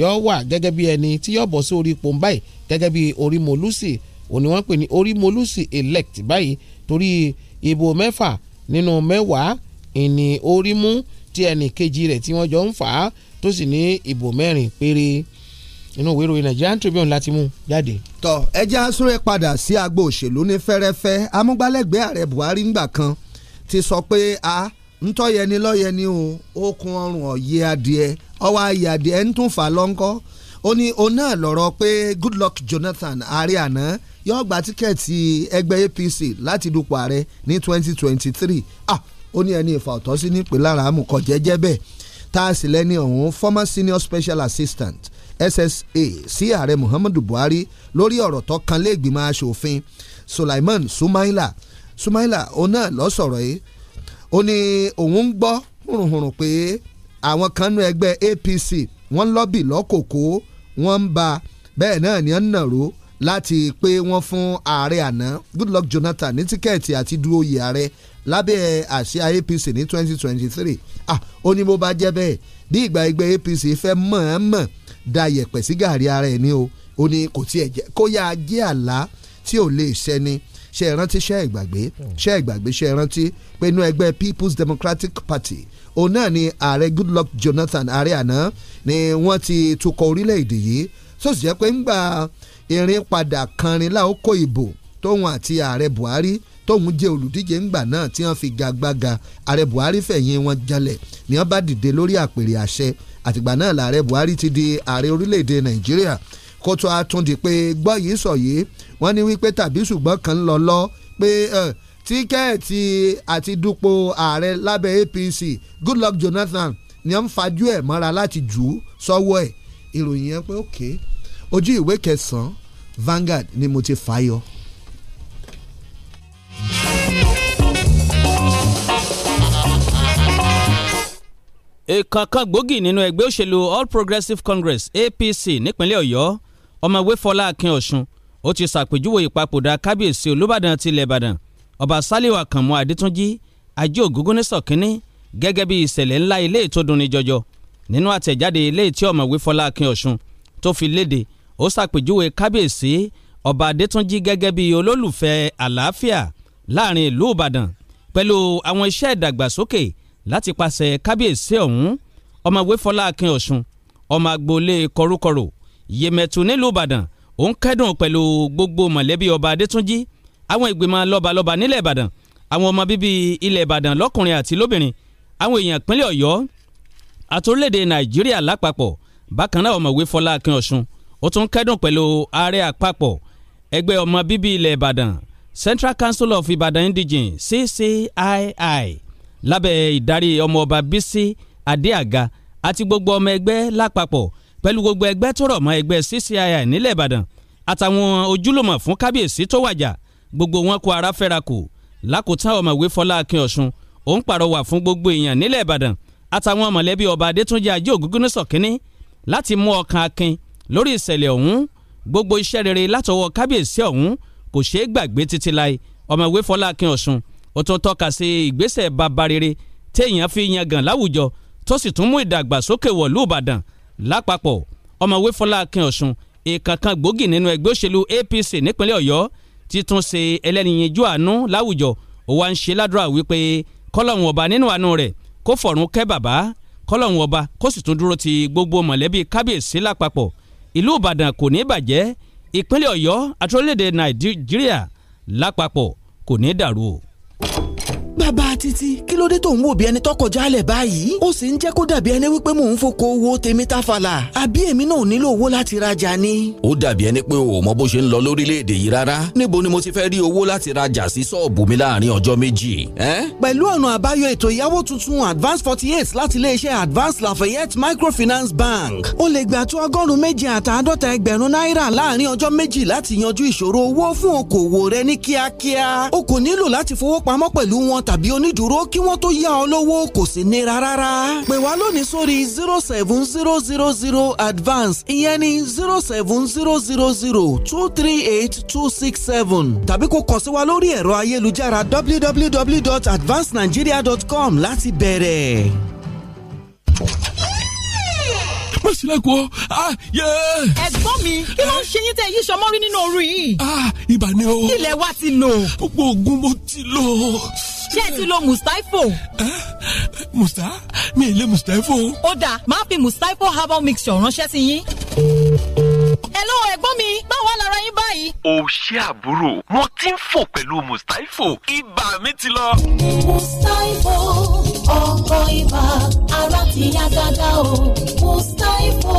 yọ wà gẹ́gẹ́ bí ẹni tí yọ bọ̀ sí orí ipò ń báyìí gẹ́gẹ́ bí orímolúsì òun ni wọ́n pè ní orímolúsì elect báyìí torí ìbò mẹ́fà nínú mẹ́wàá ìní orímú tí ẹnì kejì rẹ̀ tí wọ́n jọ ń fà á tó sì ní ìbò mẹ́rin péré inú ìwé ìròyìn Nigerian Tribune láti mú jáde. tọ ẹja súnrẹ padà sí agbo òṣèlú ní fẹ́rẹ́fẹ́ amúgbálẹ́gbẹ̀ẹ́ ààrẹ Buhari ńgbà kan ti sọ pé a ntọ́yẹni lọ́yẹni o okun ọrùn ọ̀yẹ́ adìẹ ọwọ́ ayé adìẹ ń tún fà lọ́ńkọ́ ó ní òun náà pé Goodluck Jonathan ààrẹ àná yóò gba tíkẹ́ẹ̀tì ẹgbẹ́ APC láti dupò ààrẹ ní 2023 ah ó ní ẹni ìfà ọ̀tọ́ sí nípè lára àmùkọ́ jẹ́jẹ́ bẹ́ẹ̀ tá a sì lẹ́ni ọ̀hún former senior special assistant SSA sí ààrẹ Muhammadu Buhari lórí ọ̀rọ̀ tó kan lé ìgbìmọ̀ asòfin Sulaiman Sumaila Sumaila òun náà lọ sọ̀rọ̀ yìí ó ní òun ń gbọ́ hùrùhùrù pé àwọn kan nú ẹgbẹ́ APC wọ́n lọ́bì lọ́kòkó wọ́n ń ba bẹ́ẹ̀ náà ni wọ́n ń nàró láti pé wọ́n fún ààrẹ àná Goodluck Jonathan ní tíkẹ́ẹ̀tì àti du oyè ààrẹ lábẹ́ àsíá APC ní 2023 ah ó ní bó bá jẹ́ bẹ́ẹ̀ bí ìgbà ẹgbẹ́ APC fẹ́ mọ̀ ọ́n da yẹ̀pẹ̀ sí gàrí ara ẹ̀ ní o ó ní kò tiẹ̀ jẹ́ kó yá ajé àlá tí ò lè ṣẹni ṣe é ṣe ìgbàgbé ṣe ìgbàgbé ṣe é rántí ẹgbẹ́ People's Democratic Party òun náà ni ààrẹ Goodluck Jonathan ààrẹ àná ni wọ́n ti tukọ̀ orílẹ̀-èdè yìí tó sì jẹ́ pé ń gba ìrìn padà kanrin láòkó ìbò tóun àti ààrẹ Buhari tóun jẹ́ olùdíje ńgbà náà tí wọ́n fi gagbága ààrẹ Buhari fẹ̀yìn wọn jalẹ̀ ni wọ́n bá dìde lórí àpèrè àṣẹ àtìgbà náà lààrẹ Buhari ti di ààrẹ orílẹ̀-èdè Nàìjíríà kó tó a tún di pé gbọ́ yìí sọ yìí wọ́n ní wípé tàbí ṣùgbọ́n kan lọ lọ pé tíkẹ́ẹ̀tì àti dupò ààrẹ lábẹ́ APC Goodluck Jonathan ni wọ́n ń fajú ẹ̀ mọ́ra láti jù ú sọ́wọ́ ẹ̀ ìròyìn yẹn pé ókè ojú ìwé kẹsàn-án Vanguard ni mo ti fà yọ ìkankan gbòógì nínú ẹgbẹ́ òṣèlú All Progressives Congress APC nípínlẹ̀ Ọ̀yọ́ ọmọwé Fọlá Akin Ọ̀ṣun ó ti ṣàpèjúwe ìpapòdà kábíyèsí Olúbàdàn tilẹ̀ Ìbàdàn ọba Sálíù Àkànmú Adétúnjì ajé Ògúngúnnísọ̀ Kínní gẹ́gẹ́ bí ìṣẹ̀lẹ̀ ńlá ilé ètò dunni jọjọ nínú àtẹ̀jáde ilé tí ọmọwé Fọlá Akin Ọ̀ṣun tó fi léde ó ṣàpèjúwe kábíyèsí ọba Adétúnjì gẹ́gẹ́ bí olólùfẹ́ àlàáfíà láàrin ìlú ìbàdàn pẹ̀lú àwọn iṣẹ́ ìdàgbàsókè láti pàṣẹ kábíyèsí ọ̀hún ọmọwé fọlá akin ọ̀sùn ọmọ agboolé kọrúkọrò yèmẹ̀tù nílùú ìbàdàn òun kẹ́dùn pẹ̀lú gbogbo mọ̀lẹ́bí ọba adétúnjì àwọn ìgbìmọ̀ lọ́balọ́ba nílẹ̀ ìbàdàn àwọn ọmọ bíbí ilẹ̀ ìbàdàn lọ́kùnrin àti lóbìnrin àwọn èèyàn ìpínlẹ̀ ọ̀yọ́ àtòrílẹ̀-èdè nàìjíríà lápapọ̀ bákan náà ọmọwé fọlá akin ọ̀sùn ó tún kẹ́dùn pẹ̀lú ààrẹ àpapọ̀ ẹgbẹ́ ọmọ bíbí ilẹ̀ ìbàdàn Central Council of Ibadan Indigen CCII lábẹ́ ìdarí ọmọọba Bísí Adéàga àti gbogbo ọmọ ẹgbẹ́ lápapọ̀ pẹ̀lú gbogbo ẹgbẹ́ tó rọ̀ mọ́ ẹgbẹ́ CCII nílẹ̀ Ìbàdàn àtàwọn ojúlùmọ̀ fún kábíyèsí tó wàjà gbogbo wọn kó ara fẹ́ra kù lákòótán ọ̀mọ̀wé Fọlá Akin Ọ̀ṣun òun pàrọwà fún gbogbo èèyàn nílẹ̀ Ìbàdàn àtàwọn mọ̀lẹ́bí ọba Adétúnjì Ajé Ògúngúnnísọ̀ Kínní láti mú ọkàn Akin lórí ìṣẹ̀lẹ̀ ọ̀hún gbogbo iṣẹ́ rere látọwọ́ kábíyèsí ọ̀hún kò ṣeé gbàgbé títí láì ọ̀mọ̀wé fọlákin ọ̀sùn ó tún tọ́ka sí ìgbésẹ̀ bàbá rere téèyàn fi yangàn láwùjọ tó sì tún mú ìdàgbàsókè wọ̀lú ìbàdàn lápapọ̀ ọ̀mọ̀wé fọlákin ọ̀sùn ìkankan gbòógì nínú ẹgbẹ́ òṣèlú APC nípínlẹ̀ ọ̀yọ́ títún ṣe ẹlẹ́niyinjú àánú láwùjọ ó wá ń ṣe ládùúrà wípé kọ́lọ́hún ọba nínú àánú rẹ̀ kó fọ̀run kẹ́ bàbá kọ́lọ́hún ọba kó sì tún dúró ti gbogbo mọ̀lẹ́bí kábíyèsí lápapọ̀ ìlú ìbàdàn kò ní bàjẹ́ ìpínlẹ̀ ọ̀yọ́ àti orílẹ̀-èdè nàìjíríà lápapọ̀ kò ní dàrú o bàbá Titi, kí ló dé tó ń wò bí ẹni tọkọ jálẹ̀ báyìí ó sì ń jẹ́ kó dàbí ẹni wípé mò ń foko owó tèmi tàfàlà àbí èmi náà nílò owó láti rajà ni. ó dàbí ẹni pé o ò mọ bó ṣe ń lọ lórílẹ̀‐èdè yìí rárá níbo ni mo ti fẹ́ rí owó láti rajà sí ṣọ́ọ̀bù mi láàrin ọjọ́ méjì. pẹ̀lú ọ̀nà àbáyọ ètò ìyàwó tuntun advance forty eight láti iléeṣẹ́ advance lafayette microfinance bank O lè gbà tó ọgọ́rùn-ún méje àtàádọ́ta ẹgbẹ̀rún náírà láàrin ọjọ́ méjì láti yanjú ìṣòro owó fún okòwò rẹ ní kíákíá o kò nílò láti fowó pamọ́ pẹ̀lú wọn tàbí onídùúró kí wọ́n tó yá ọ lówó kò sí nira rárá. pè wá lónìí sórí zero seven zero zero zero advance ìyẹn ní zero seven zero zero zero two three eight two six seven tàbí kò kàn sí wa lórí ẹ̀rọ ayélujára www.advancenigeria.com láti bẹ̀rẹ̀ má sí lẹ́kọ̀ọ́ ah, ẹ̀gbọ́n mi kí ló ń ṣe yín tẹ́ yí sọmọ́rí nínú òru yìí. Ah, ibà ni o. ilẹ̀ wa ti lò. gbogbo oògùn mo ti lò ṣé ẹ ti lo mustapho. musa mi ì lé mustapho. ó dáa máa fi mustapho herbal mixture ránṣẹ́ sí yín. Hello ẹ̀gbọ́n mi, báwo lára yín báyìí? O ṣé àbúrò, mo ti ń fò pẹ̀lú Mustapho, ibà mi ti lọ. Mustapho, ọkọ̀ ibà, ara ti yá gágá o. Mustapho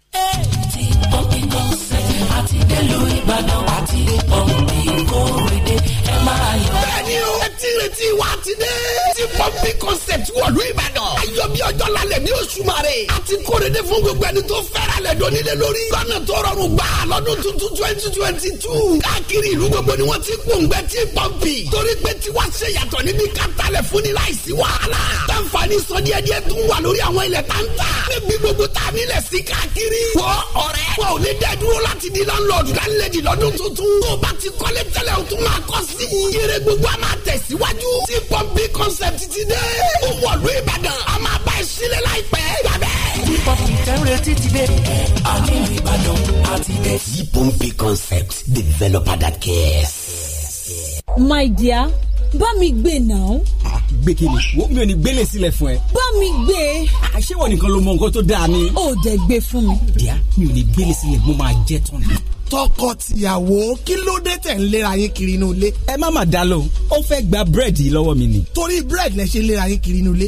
àti pọ́ǹpì kọ́nsẹ̀ àti délùú ìbàdàn àti pọ́ǹpì kórèdè ẹ máa yọ. bẹ́ẹ̀ni o ẹ ti retí wa ti dé. ti concept wọ̀lú ìbàdàn. ayọ̀ bí ọjọ́ lálẹ́ ní oṣù mare. a ti kórèdè fún gbogbo ẹni tó fẹ́ràn lẹ̀ dọ́nilé lórí. lọ́nà tó rọrùn twenty twenty two. káàkiri ìlú gbogbo ni wọ́n ti gbòǹgbẹ́ ti pọ́ǹpì. torí pé tiwa ṣe yàtọ̀ níbi ká talẹ̀ fún ni láìsí wàhálà. táǹfààní sọdíẹ̀díẹ̀ tún wà lórí àwọn gbogbo tá a nílẹ̀ sí káàkiri. wọ ọ̀rẹ́ wọn ò ní dẹ́dúró láti di lọ́nlọ́ọ̀dù lálẹ́dì lọ́dún tuntun. tó o bá ti kọ́lé tẹ́lẹ̀ o tún máa kọ́ sí yèrè gbogbo a máa tẹ̀síwájú. tí pọ́ńpì concept ti dé. ó wọ̀lú Ìbàdàn a máa bá ẹ sílẹ̀ láìpẹ́. gbàgbẹ́. tí pọ́ńpì tẹ́wúrẹ́ ti ti dé. àní Ìbàdàn a ti dé. tí pọ́ńpì concept developer that cares. my dear bá mi gbé e náà gbé kiri wo mi ò ní gbélé sílẹ̀ fún ẹ. bá mi gbé. àṣé wọn nìkan ló mọ nǹkan tó dáa ni. ó jẹ gbé fún mi. díà mi ò ní gbélé sílẹ̀ mo máa jẹ tán ni. tọkọ kí ló dé tẹ̀ ń léra yín kiri inú ilé. ẹ má mà dá lóhùn ó fẹ́ gba búrẹ́dì lọ́wọ́ mi ni. torí búrẹ́dì lẹ ṣe léra yín kiri inú ilé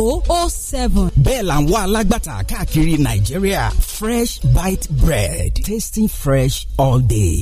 zero oh seven. bẹ́ẹ̀ là ń wá alágbàtà káàkiri nàìjíríà fresh bite bread tasting fresh all day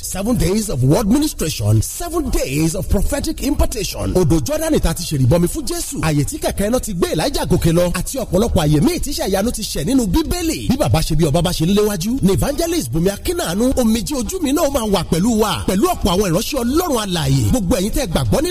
seven days of word ministration seven days of prophetic impartation odò Jọ́dánì ta ti ṣèrìbọmi fún Jésù àyè tí kẹ̀kẹ́ náà ti gbé Èlíjà gòkè lọ àti ọ̀pọ̀lọpọ̀ àyè míì tíṣà ìyanu ti ṣẹ̀ nínú Bíbélì bí bàbá ṣe bí ọba bá ṣe ń léwájú ni evangelist Bùnmi Akínàánú omijì ojú mi náà máa wà pẹ̀lú wa pẹ̀lú ọ̀pọ̀ àwọn ìránṣẹ́ Ọlọ́run alààyè gbogbo ẹ̀yin tẹ́ gbàgbọ́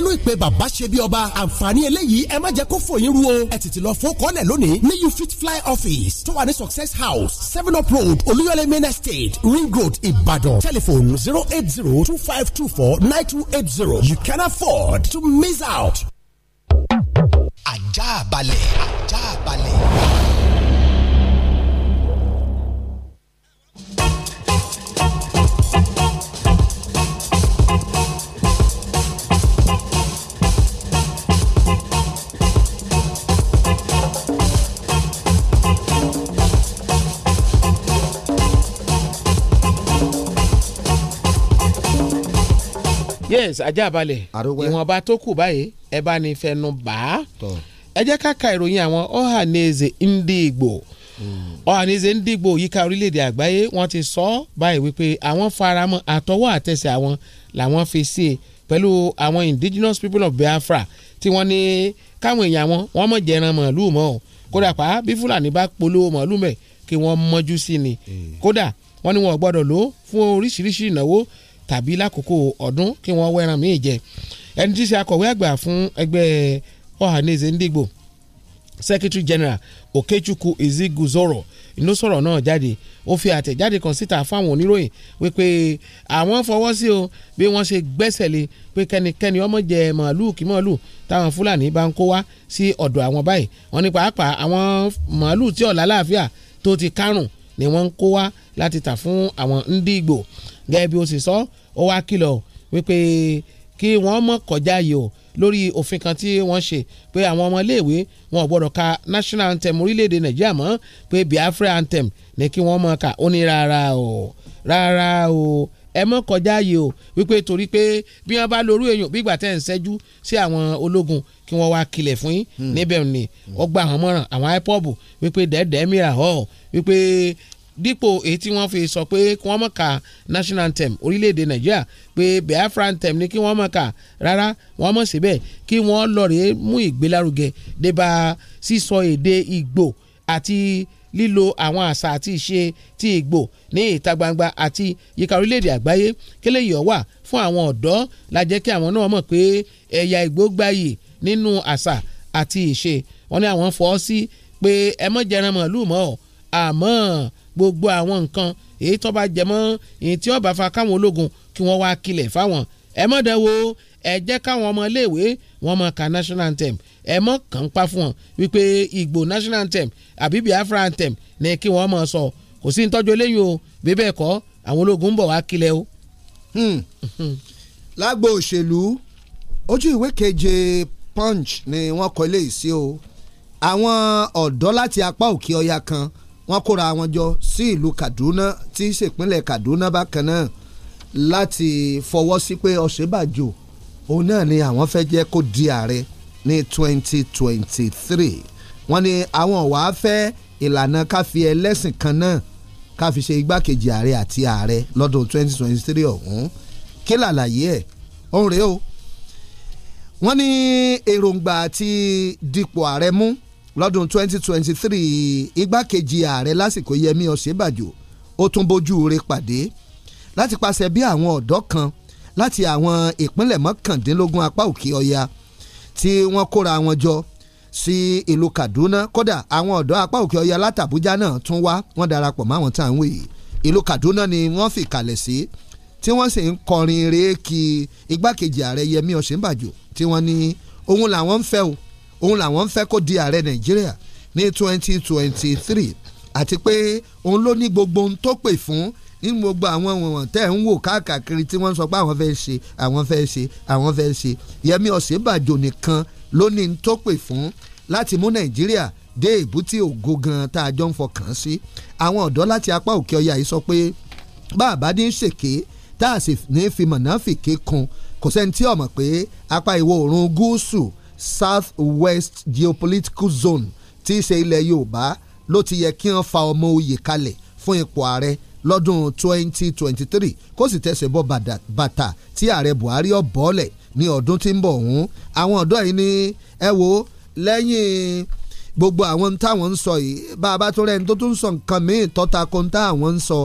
you fit fly office tó wà success house seven up road olúyọlé main estate ring road Ìbàdàn telephone zero Eight zero two five two four nine two eight zero. You can afford to miss out. Ajabale, Ajabale. yes ajá balẹ̀ ìwọ̀nba tó kù báyìí ẹ bá ní fẹnu bá a ẹ jẹ́ ká ka ìròyìn àwọn Ohanaeze Ndigbo hmm. Ohanaeze Ndigbo yíká orílẹ̀-èdè àgbáyé wọ́n ti sọ báyìí wípé àwọn faramọ́ àtọwọ́ àtẹsẹ̀ àwọn làwọn fi sí i pẹ̀lú àwọn indigenous people of Biafra tí wọ́n ní káwọn èèyàn wọn wọ́n mọ̀ jẹran màálù mọ́ o kódà pa bí Fúlàní bá polówó màálù mẹ́ kí wọ́n mọ́jú sí ni hmm. kódà wọ́n ní wọn gbọ́dọ̀ lò ó fún oríṣiríṣi ìnáwó tàbí lákòókò ọdún kí wọ́n wẹ́ran míì jẹ ẹni tí í ṣe akọ̀wé àgbà fún ẹgbẹ́ Ohanaeze Ndigbo secretary general Okechukwu Eziguzoro ló sọ̀rọ̀ náà jáde ó fi àtẹ̀jáde kan síta fáwọn oníròyìn wípé àwọn fọwọ́ sí o bí wọ́n ṣe gbẹ́sẹ̀ lé pé kẹ́nikẹ́ni ọmọ jẹ màálùú kí màálùú táwọn fúlàní bá ń kó wá sí ọ̀dọ̀ àwọn báyìí wọ́n ní pàápàá àwọn màálùú tí ọ̀la tó ti kárùn ni wọ́n ń kó wá láti tà fún àwọn ndígbò gẹ́gẹ́ bí ó sì sọ ó wá kìlọ̀ wípé kí wọ́n mọ̀ kọjá yìí o lórí òfin kan tí wọ́n ṣe pé àwọn ọmọ iléèwé wọn ò gbọ́dọ̀ ka national anthem orílẹ̀-èdè nàìjíríà mọ́ pé biafra anthem ni kí wọ́n mọ̀ ká ó ní rárá o rárá o ẹ mọ̀ kọjá yìí o wípé torí pé bí wọ́n bá lorú èèyàn bí ìgbà tẹ́ ń ṣẹ́jú sí àwọn ológun kí wọ́n wá kilẹ̀ fún yín hmm. níbẹ̀ ni ó gba àwọn mọ̀ràn àwọn ipob wípé dẹ́ẹ̀dẹ́ẹ́ mìíràn họ́ wípé dípò èyí tí wọ́n fi sọ pé kí wọ́n mọ̀ ká national anthem orílẹ̀-èdè nàìjíríà pé biafra anthem ni kí wọ́n mọ̀ ká rárá wọ́n mọ̀ síbẹ̀ kí wọ́n lọ rèé mú ìgbélárugẹ débà sísọ èdè ìgbò àti lílo àwọn àṣà àti ìṣe ti ìgbò ní ìta gbangba àti yíká orílẹ̀-èdè àgbáyé kéléyìí ọ̀wà fún àwọn ọ̀dọ́ la jẹ́ kí àwọn náà mọ̀ pé ẹ̀yà ìgbò gbayì nínú àṣà àti ìṣe wọn ni àwọn fọ́ sí pé ẹ mọ̀ jẹran màálù mọ́ ọ̀ àmọ́ gbogbo àwọn nǹkan èyí tó bá jẹmọ́ èyí tí ọba fa káwọn ológun kí wọ́n wá kilẹ̀ fáwọn ẹ mọ̀ dẹ́ wo ẹ jẹ́ káwọn ọmọ iléèwé wọn mọ̀ ká national anthem ẹ mọ̀ kàn pa fún wọn wípé ìgbò national anthem àbí biafra anthem ni kí wọ́n mọ̀ sọ kò sí ìtọ́jú eléyìí o bíbẹ́ ẹ̀kọ́ àwọn ológun ń bọ̀ wá kilẹ̀ o. Hmm. lágbo òṣèlú ojú ìwé keje punch ni wọ́n kọ eléyìí sí o àwọn ọ̀dọ́ láti apá òkè ọya kan wọ́n kóra wọn jọ sí ìlú Kaduna tí í ṣèpínlẹ̀ Kaduna bákan náà láti fọwọ́ sí pé Ọ̀ṣínbàjò òun náà ni àwọn fẹ́ jẹ́ kó di ààrẹ ní 2023 wọ́n ní àwọn wàá fẹ́ ìlànà káfí ẹlẹ́sìn kan náà káfi ṣe igbákejì ààrẹ àti ààrẹ lọ́dún 2023 ọ̀hún kí làlàyé ẹ̀ òun rèé o wọ́n ní èròǹgbà àti dípò ààrẹ mú lọ́dún 2023 igbákejì ààrẹ lásìkò Yẹmí Ọ̀ṣínbàjò ó tún bójú rẹ pàdé láti pàṣẹ bí àwọn ọ̀dọ́ kan láti àwọn ìpínlẹ̀ mọ́kàndínlógún apá òkè ọya tí wọ́n kóra wọn jọ sí ìlú Kaduna kódà àwọn ọ̀dọ́ apá òkè ọya látàbújá náà tún wá wọ́n darapọ̀ máwọn tá à ń wò ìlú Kaduna ni wọ́n fi kalẹ̀ sí tí wọ́n sì ń kọrin rèé kí igbákejì ààrẹ Yẹmí Ọ̀ṣínbàjò tí wọ́n ní ohun làwọn ń fẹ́ o òun làwọn ń fẹ́ kó di ààrẹ nàìjíríà ní twenty twenty three àti pé òun ló ní gbogbo ohun tó pè fún ní gbogbo àwọn wọ̀n tẹ́ ń wò káàkiri tí wọ́n sọ pé àwọn fẹ́ ṣe àwọn fẹ́ ṣe àwọn fẹ́ ṣe Yẹmí Ọ̀ṣínbàjò nìkan ló ní ń tó pè fún láti mú Nàìjíríà dé èbúté ògo gan tá a jọ ń fọkàn sí àwọn ọ̀dọ́ láti apá òkè ọya yìí sọ pé bàbá ní ṣèké tá a sì ní fi mọ̀nà fìké kun kò sẹ́ni tí ó pé apá ìwọ̀ oòrùn gúúsù South West Geopolitical Zone tí í ṣe ilẹ̀ Yorùbá ló ti yẹ kí wọ́n fa ọmọ oyè kalẹ̀ fún ipò ààrẹ lọ́dún 2023 kó sì tẹ̀sẹ̀ bọ́ bàtà tí ààrẹ Buhari ó bọ́lẹ̀ ní ọdún tí ń bọ̀ ọ̀hún àwọn ọ̀dọ́ yìí ní ẹ wo lẹ́yìn gbogbo àwọn táwọn ń sọ yìí bá a bá tó rẹ́ni tó tún sọ nǹkan míì tọ́ta kan táwọn ń sọ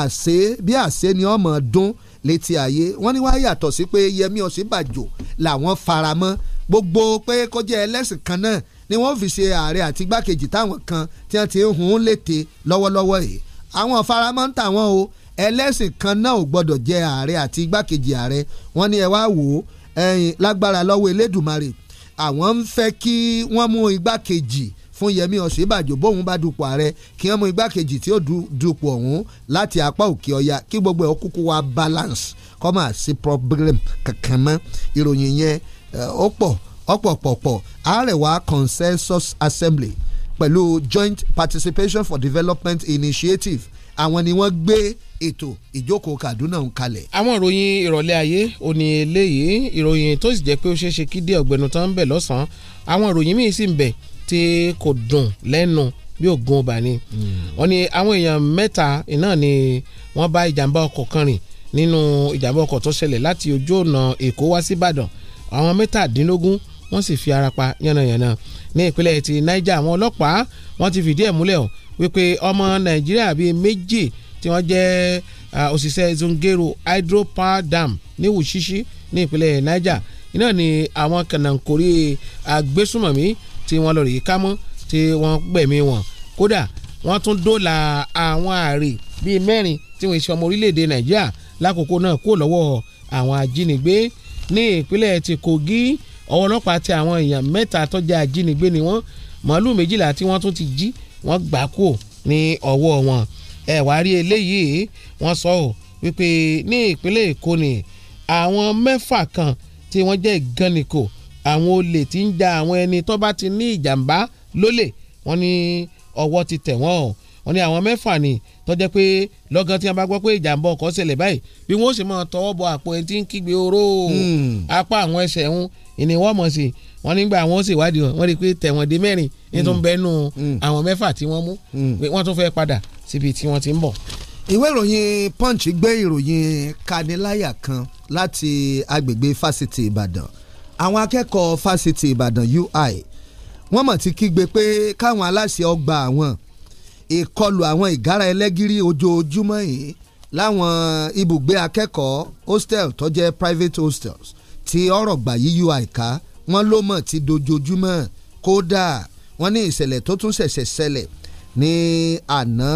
àṣé bí àṣé ni ọmọ dún létí ayé wọ́n ní wá yàtọ̀ sí pé Yẹmí Ọ̀ṣínbàjò làwọn faramọ́ gbogbo pé kó jẹ́ ẹlẹ́sìn kan náà ni wọ́n fi ṣe ààrẹ àti igbákejì táwọn kan tí wọ́n ti ń hun létè lọ́wọ́lọ́wọ́ yìí àwọn faramọ́ ń tàwọn o ẹlẹ́sìn kan náà ò gbọ́dọ̀ jẹ́ ààrẹ àti igbákejì ààrẹ wọ́n ní ẹ wá wò ó ẹ̀yìn lágbára lọ́wọ́ elédùnmarè àwọn ń fẹ́ kí wọ́n mú igbákejì fún Yẹmí Ọ̀ṣínbàjò bóun bá dupò ààrẹ kí wọ́n mú igbákejì tí ó dupò ọ̀hún láti apá òkè ọya kí gbogbo ẹ̀ kúkú wa balance kọ́ máa sí problem kankan mọ́ ìròyìn yẹn ó pọ̀ ọ̀pọ̀pọ̀pọ̀ Arewa Consensus Assembly pẹ̀lú Joint Participation for Development Initiative àwọn ni wọ́n gbé ètò ìjókòó Kaduna ń kalẹ̀. àwọn ìròyìn ìrọ̀lẹ́ ayé ò ní eléyìí ìròyìn tó sì jẹ́ pé ó ṣeé ṣe kí dé ọ̀gbẹ́nu tán ń bẹ̀ lọ́sàn-án àwọn ìròyìn míì sì ń bẹ̀ tí kò dùn lẹ́nu bí ògùn ọba ni. Hmm. wọ́n ní àwọn èèyàn mẹ́ta iná ni wọ́n bá ìjàmbá ọkọ̀ kan rìn nínú ìjàmbá ọkọ̀ tó ṣẹlẹ̀ láti ojú ọ̀nà Èkó wá sí Ìbàdàn àwọn mẹ́tàdínlógún wọ́n sì fi ara pa yánnayànna ní ìpínlẹ̀ ti Niger àwọn ọlọ́pàá wọ́n ti fìdí ẹ̀ múlẹ̀ o wípé ọmọ Nàìjíríà bíi méjì tí wọ́n jẹ́ òṣìṣẹ́ Zungeru hydropower dam ní Wushishi ní ìpínlẹ̀ Niger iná ni àwọn kànáńkórí agbésùmọ̀mí tí wọ́n lọ rèé kámọ́ tí wọ́n gbẹ̀mí wọn kódà wọ́n tún dóòlà àwọn àrè bíi mẹ́rin tí wọ́n ṣe ọmọ orílẹ̀-èdè Nàìjíríà lákòókò náà kúrò lọ́wọ́ àwọn ajínigbé ní ìpínlẹ̀ ti Kogi ọwọ́ ọlọ́pàá tẹ àwọn èèyàn mẹ́ta tó jẹ́ ajínigbé ni wọ́n màálù méjìlá tí wọ́n tún ti jí wọ́n gbà kú ní ọwọ́ wọn ẹ̀ wá rí eléyìí wọ́n sọ ọ́ wípé ní ìpínlẹ̀ Èkó ni àwọn mẹ́fà kan tí wọ́n jẹ́ ìgànnìkò àwọn olè tí ń ja àwọn ẹni tó bá ti ní ìjàmbá lólè wọ́n ní ọwọ́ ti tẹ̀ wọ́n o wọ́n ní àwọn mẹ́fà ni tó jẹ́ pé lọ́gán tí wọ́n bá gbọ́ pé ìjàmbá ọkọ̀ ṣẹlẹ̀ báyìí bí wọ́n sì máa tọwọ́ bọ àpò ẹni tí ń kígbe oró hmm. apá àwọn ẹsẹ̀ ń ìní wọ́n mọ̀ sí wọ́n nígbà wọ́n sì wádìí wọn wọ́n rí i pé tẹ̀wọ̀n dé mẹ́rin ní tó ń hmm. bẹnu hmm. àwọn mẹ́fà tí wọ́n mú wọ́n tún fẹ́ padà síbi tí wọ́n ti ń bọ̀. ìwé ìròyìn punch gbé ìròyìn kaniláyà kan láti agbègbè fásitì ìbàdàn àwọn akẹ́kọ̀ọ́ fásitì ìbàdàn ui wọ́n mọ̀ ti kígbe pé káwọn aláṣẹ ọgbà àwọn ìkọlù àwọn ìgárá ẹlẹ́gìrì ojoojúmọ́ yìí láwọn ibùgbé akẹ́kọ̀ọ́ hostel tó jẹ́ private hostels ti ọ̀rọ̀ gbà yí UI ká wọ́n ló mọ̀ ti dojoojúmọ́ kódà wọ́n ní ìṣẹ̀lẹ̀ tó tún ṣẹ̀ṣẹ̀ ṣẹlẹ̀ ní àná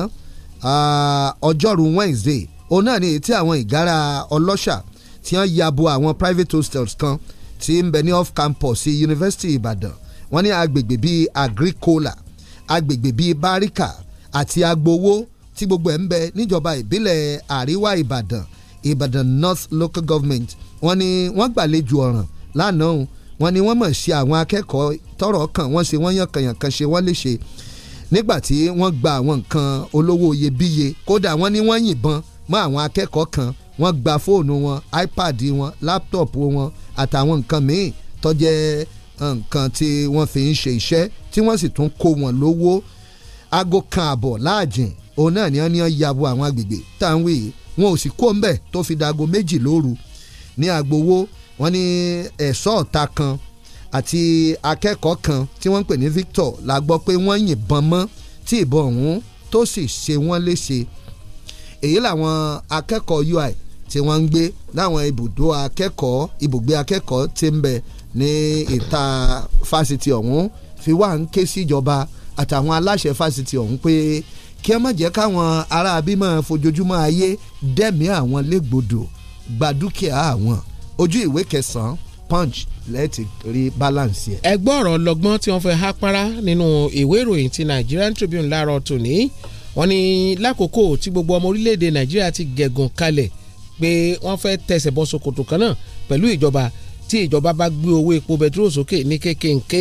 ọjọ́rú Wednesday òun náà ni èyí tí àwọn ìgárá ọlọ́ṣà tí wọ́n ya bo àwọn private hostels kan tí ń bẹ ní off campus University Ìbàdàn wọ́n ní agbègbè bíi Agricola agbègbè bíi Barika àti agbowó tí gbogbo ẹ̀ ń bẹ níjọba ìbílẹ̀ àríwá ìbàdàn ìbàdàn north local government wọ́n ní wọ́n gbàlejò ọ̀ràn lánàá òun wọ́n ní wọ́n mọ̀ ṣe àwọn akẹ́kọ̀ọ́ tọ́rọ̀ kàn wọ́n ṣe wọ́n yànkànyànkàn ṣe wọ́n léṣe nígbà tí wọ́n gba àwọn nǹkan olówó iyebíye kódà wọ́n ní wọ́n yìnbọn mọ́ àwọn akẹ́kọ̀ọ́ kan wọ́n gba fóònù wọn ipad wọn láptọ̀pù wọn àtàwọn nǹkan míì tó jẹ́ nǹkan tí wọ́n fi ń ṣe iṣẹ́ tí wọ́n sì tún kó wọn lówó aago kan àbọ̀ láàjìn òun náà ni wọ́n ní wọ́n ya bo àwọn agbègbè tá à ń wí wọn ò sì kó ńbẹ̀ tó fi da aago méjì lóru ní agbowó wọn ní ẹ̀ṣọ́ ọ̀tá kan àti akẹ́kọ̀ọ́ kan tí wọ́n ń pè ní Victor la gbọ́ pé wọ́n yìnbọn mọ́ tí ìbọn ọ̀hún tó sì ṣe wọ́n léṣe èyí làwọn akẹ́kọ̀ọ́ UI tí wọ́n ń gbé láwọn ibùdó akẹ́kọ̀ọ́ ibùgbé akẹ́kọ̀ọ́ tí ń bẹ ní ìta fásitì ọ̀hún fi wá ń ké síjọba si àtàwọn aláṣẹ fásitì ọ̀hún pé kí ẹ má jẹ́ káwọn aráabí máa fojoojúmọ́ ayé dẹ́mi àwọn légbodò gba dúkìá àwọn ojú ìwé kẹsàn-án punch lẹ́ẹ̀tì rí balance yẹn. ẹ gbọ́ ọ̀rọ̀ lọ́gbọ́n tí wọ́n fẹ́ há párá nínú ìwé ìròyìn ti Nigerian Tribune láàárọ̀ tòní wọ́n ní lákòókò tí gbogbo ọmọ orílẹ̀-èdè Nàìjíríà ti gẹ̀gùn kalẹ̀ pé wọ́n fẹ́ tẹsẹ̀ bọ́ ṣòkòtò kan náà pẹ̀lú ìjọba tí ìjọba bá gbé owó epo bẹtiró sókè ní kékèké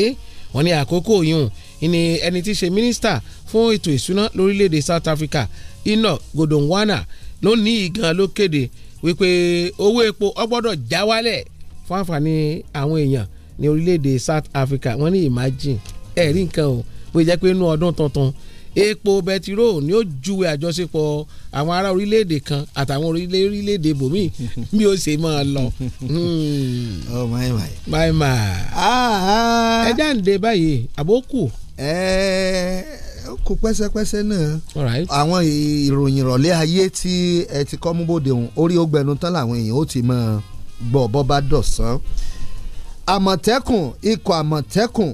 wọ́n ní àkókò yìí ni ẹni tí í ṣe mínísítà fún ètò ìsúná lórílẹ̀‐èdè South Africa Enoch Godongwana ló ní ìgan ló kéde wípé owó epo ọgbọ́dọ̀ já wálẹ̀ fún àǹfààní àwọn èèyàn ní orílẹ̀‐èdè South Africa wọ́n ní imagine ẹ̀rí nǹkan o bó jẹ́ pé inú ọdún tuntun epo bẹtiró ni ó júwe àjọṣepọ̀ àwọn ará orílẹ̀-èdè kan àtàwọn orílẹ̀-èdè bòmíì (laughs) bí ó ṣe máa lọ. (laughs) oh my my. my my. Ah, ah. ẹ jáde báyìí àbókù kò pẹ́sẹ́pẹ́sẹ́ náà àwọn ìròyìn ìrọ̀lẹ́ ayé tí ẹ ti kọ́ mú bòde òun orí ọgbẹ́nu tán làwọn èèyàn ó ti máa gbọ́ bọ́ dọ̀sán. àmọ̀tẹ́kùn ikọ̀ àmọ̀tẹ́kùn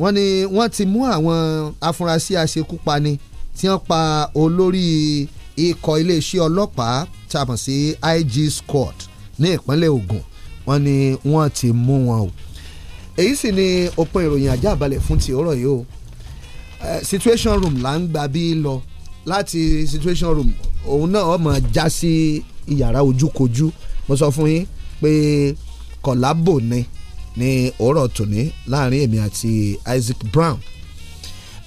wọ́n ní wọ́n ti mú àwọn afurasí aṣekúpani tí wọ́n pa olórí ikọ̀ iléeṣẹ́ ọlọ́pàá tàbọ̀ sí IG squad ní ìpínlẹ̀ Ògùn wọ́n ní wọ́n ti mú wọn o èyí sì ni òpin ìròyìn àjàbalẹ̀ fún ti ọ̀rọ̀ yìí o situation room là ń gbà bí lọ láti situation room òun náà ó máa já sí iyàrá ojúkojú mo sọ fún yín pé kọ̀lábò ni ní òórọ̀ tòní láàrin èmi àti Isaac Brown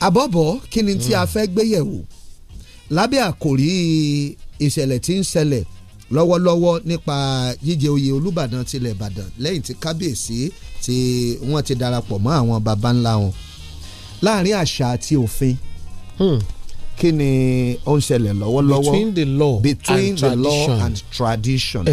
àbọ̀bọ̀ kí ni tí a hmm. fẹ́ gbé yẹ̀wò lábẹ́ àkòrí ìṣẹ̀lẹ̀ tí ń ṣẹlẹ̀ lọ́wọ́lọ́wọ́ nípa jíjẹ oyè Olúbàdàn tilẹ̀ Ìbàdàn lẹ́yìn tí kábíyèsí tí wọ́n ti darapọ̀ mọ́ àwọn baba ńlá wọn láàrin àṣà àti òfin hmm. kí ni ó ń ṣẹlẹ̀ lọ́wọ́lọ́wọ́ between the law between and the tradition. law and tradition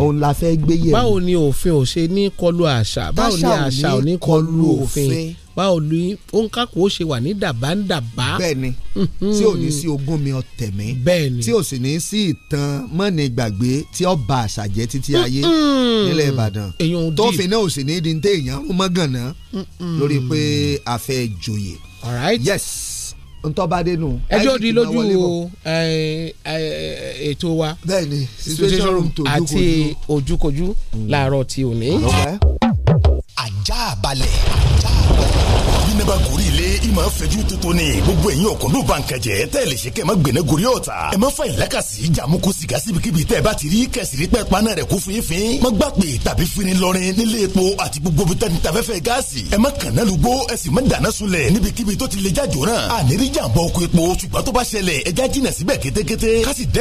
òun la fẹ́ gbé yẹ̀wò. báwo ni òfin ò ṣe ní kọlù àṣà báwo ni àṣà ò ní kọlù òfin ọ̀pá òlu yín ó ṣe wà ní dàbá ń dàbá. bẹ́ẹ̀ni mhm. tí ò ní sí ogún mi ọ̀tẹ̀ mi tí ò sì ní sí ìtàn mọ́ni gbàgbé tí ó ba àṣà jẹ́ títí ayé nílẹ̀ Ìbàdàn tó fi náà ò sì ní di ní téèyàn rún mọ́gànnà lórí pé a fẹ́ joyè. all right yes ntọ́badé nù. ẹjọ́ di lójú ètò wa bẹ́ẹ̀ni situation room àti ojúkojú mm. láàárọ̀ tí ò ní. àjà balẹ̀ àjà balẹ̀ bínẹ́bà gorí ilé ìmọ̀ fẹ́jú tuntun ni gbogbo ẹ̀yin ọ̀kọ́ndó bá ń kẹjẹ tẹ́ lè ṣe kẹ́ ma gbẹ̀nẹ́ gorí ọ̀tà ẹ má fa ìlàkàsí jàmúkú sìgá síbikíbi tẹ́ bá ti rí kẹsìrì pẹ́ paná rẹ̀ kú fínfín má gbà pé tàbí fini lọrin nílé epo àti gbogbo bí tẹ́ni tafẹ́fẹ́ gáàsì ẹ má kànáà lùgbó ẹ sì má dáná sunlẹ̀ níbikíbi tó ti lè jájò náà àníríjàmbá oko epo ṣùgbọ́n tó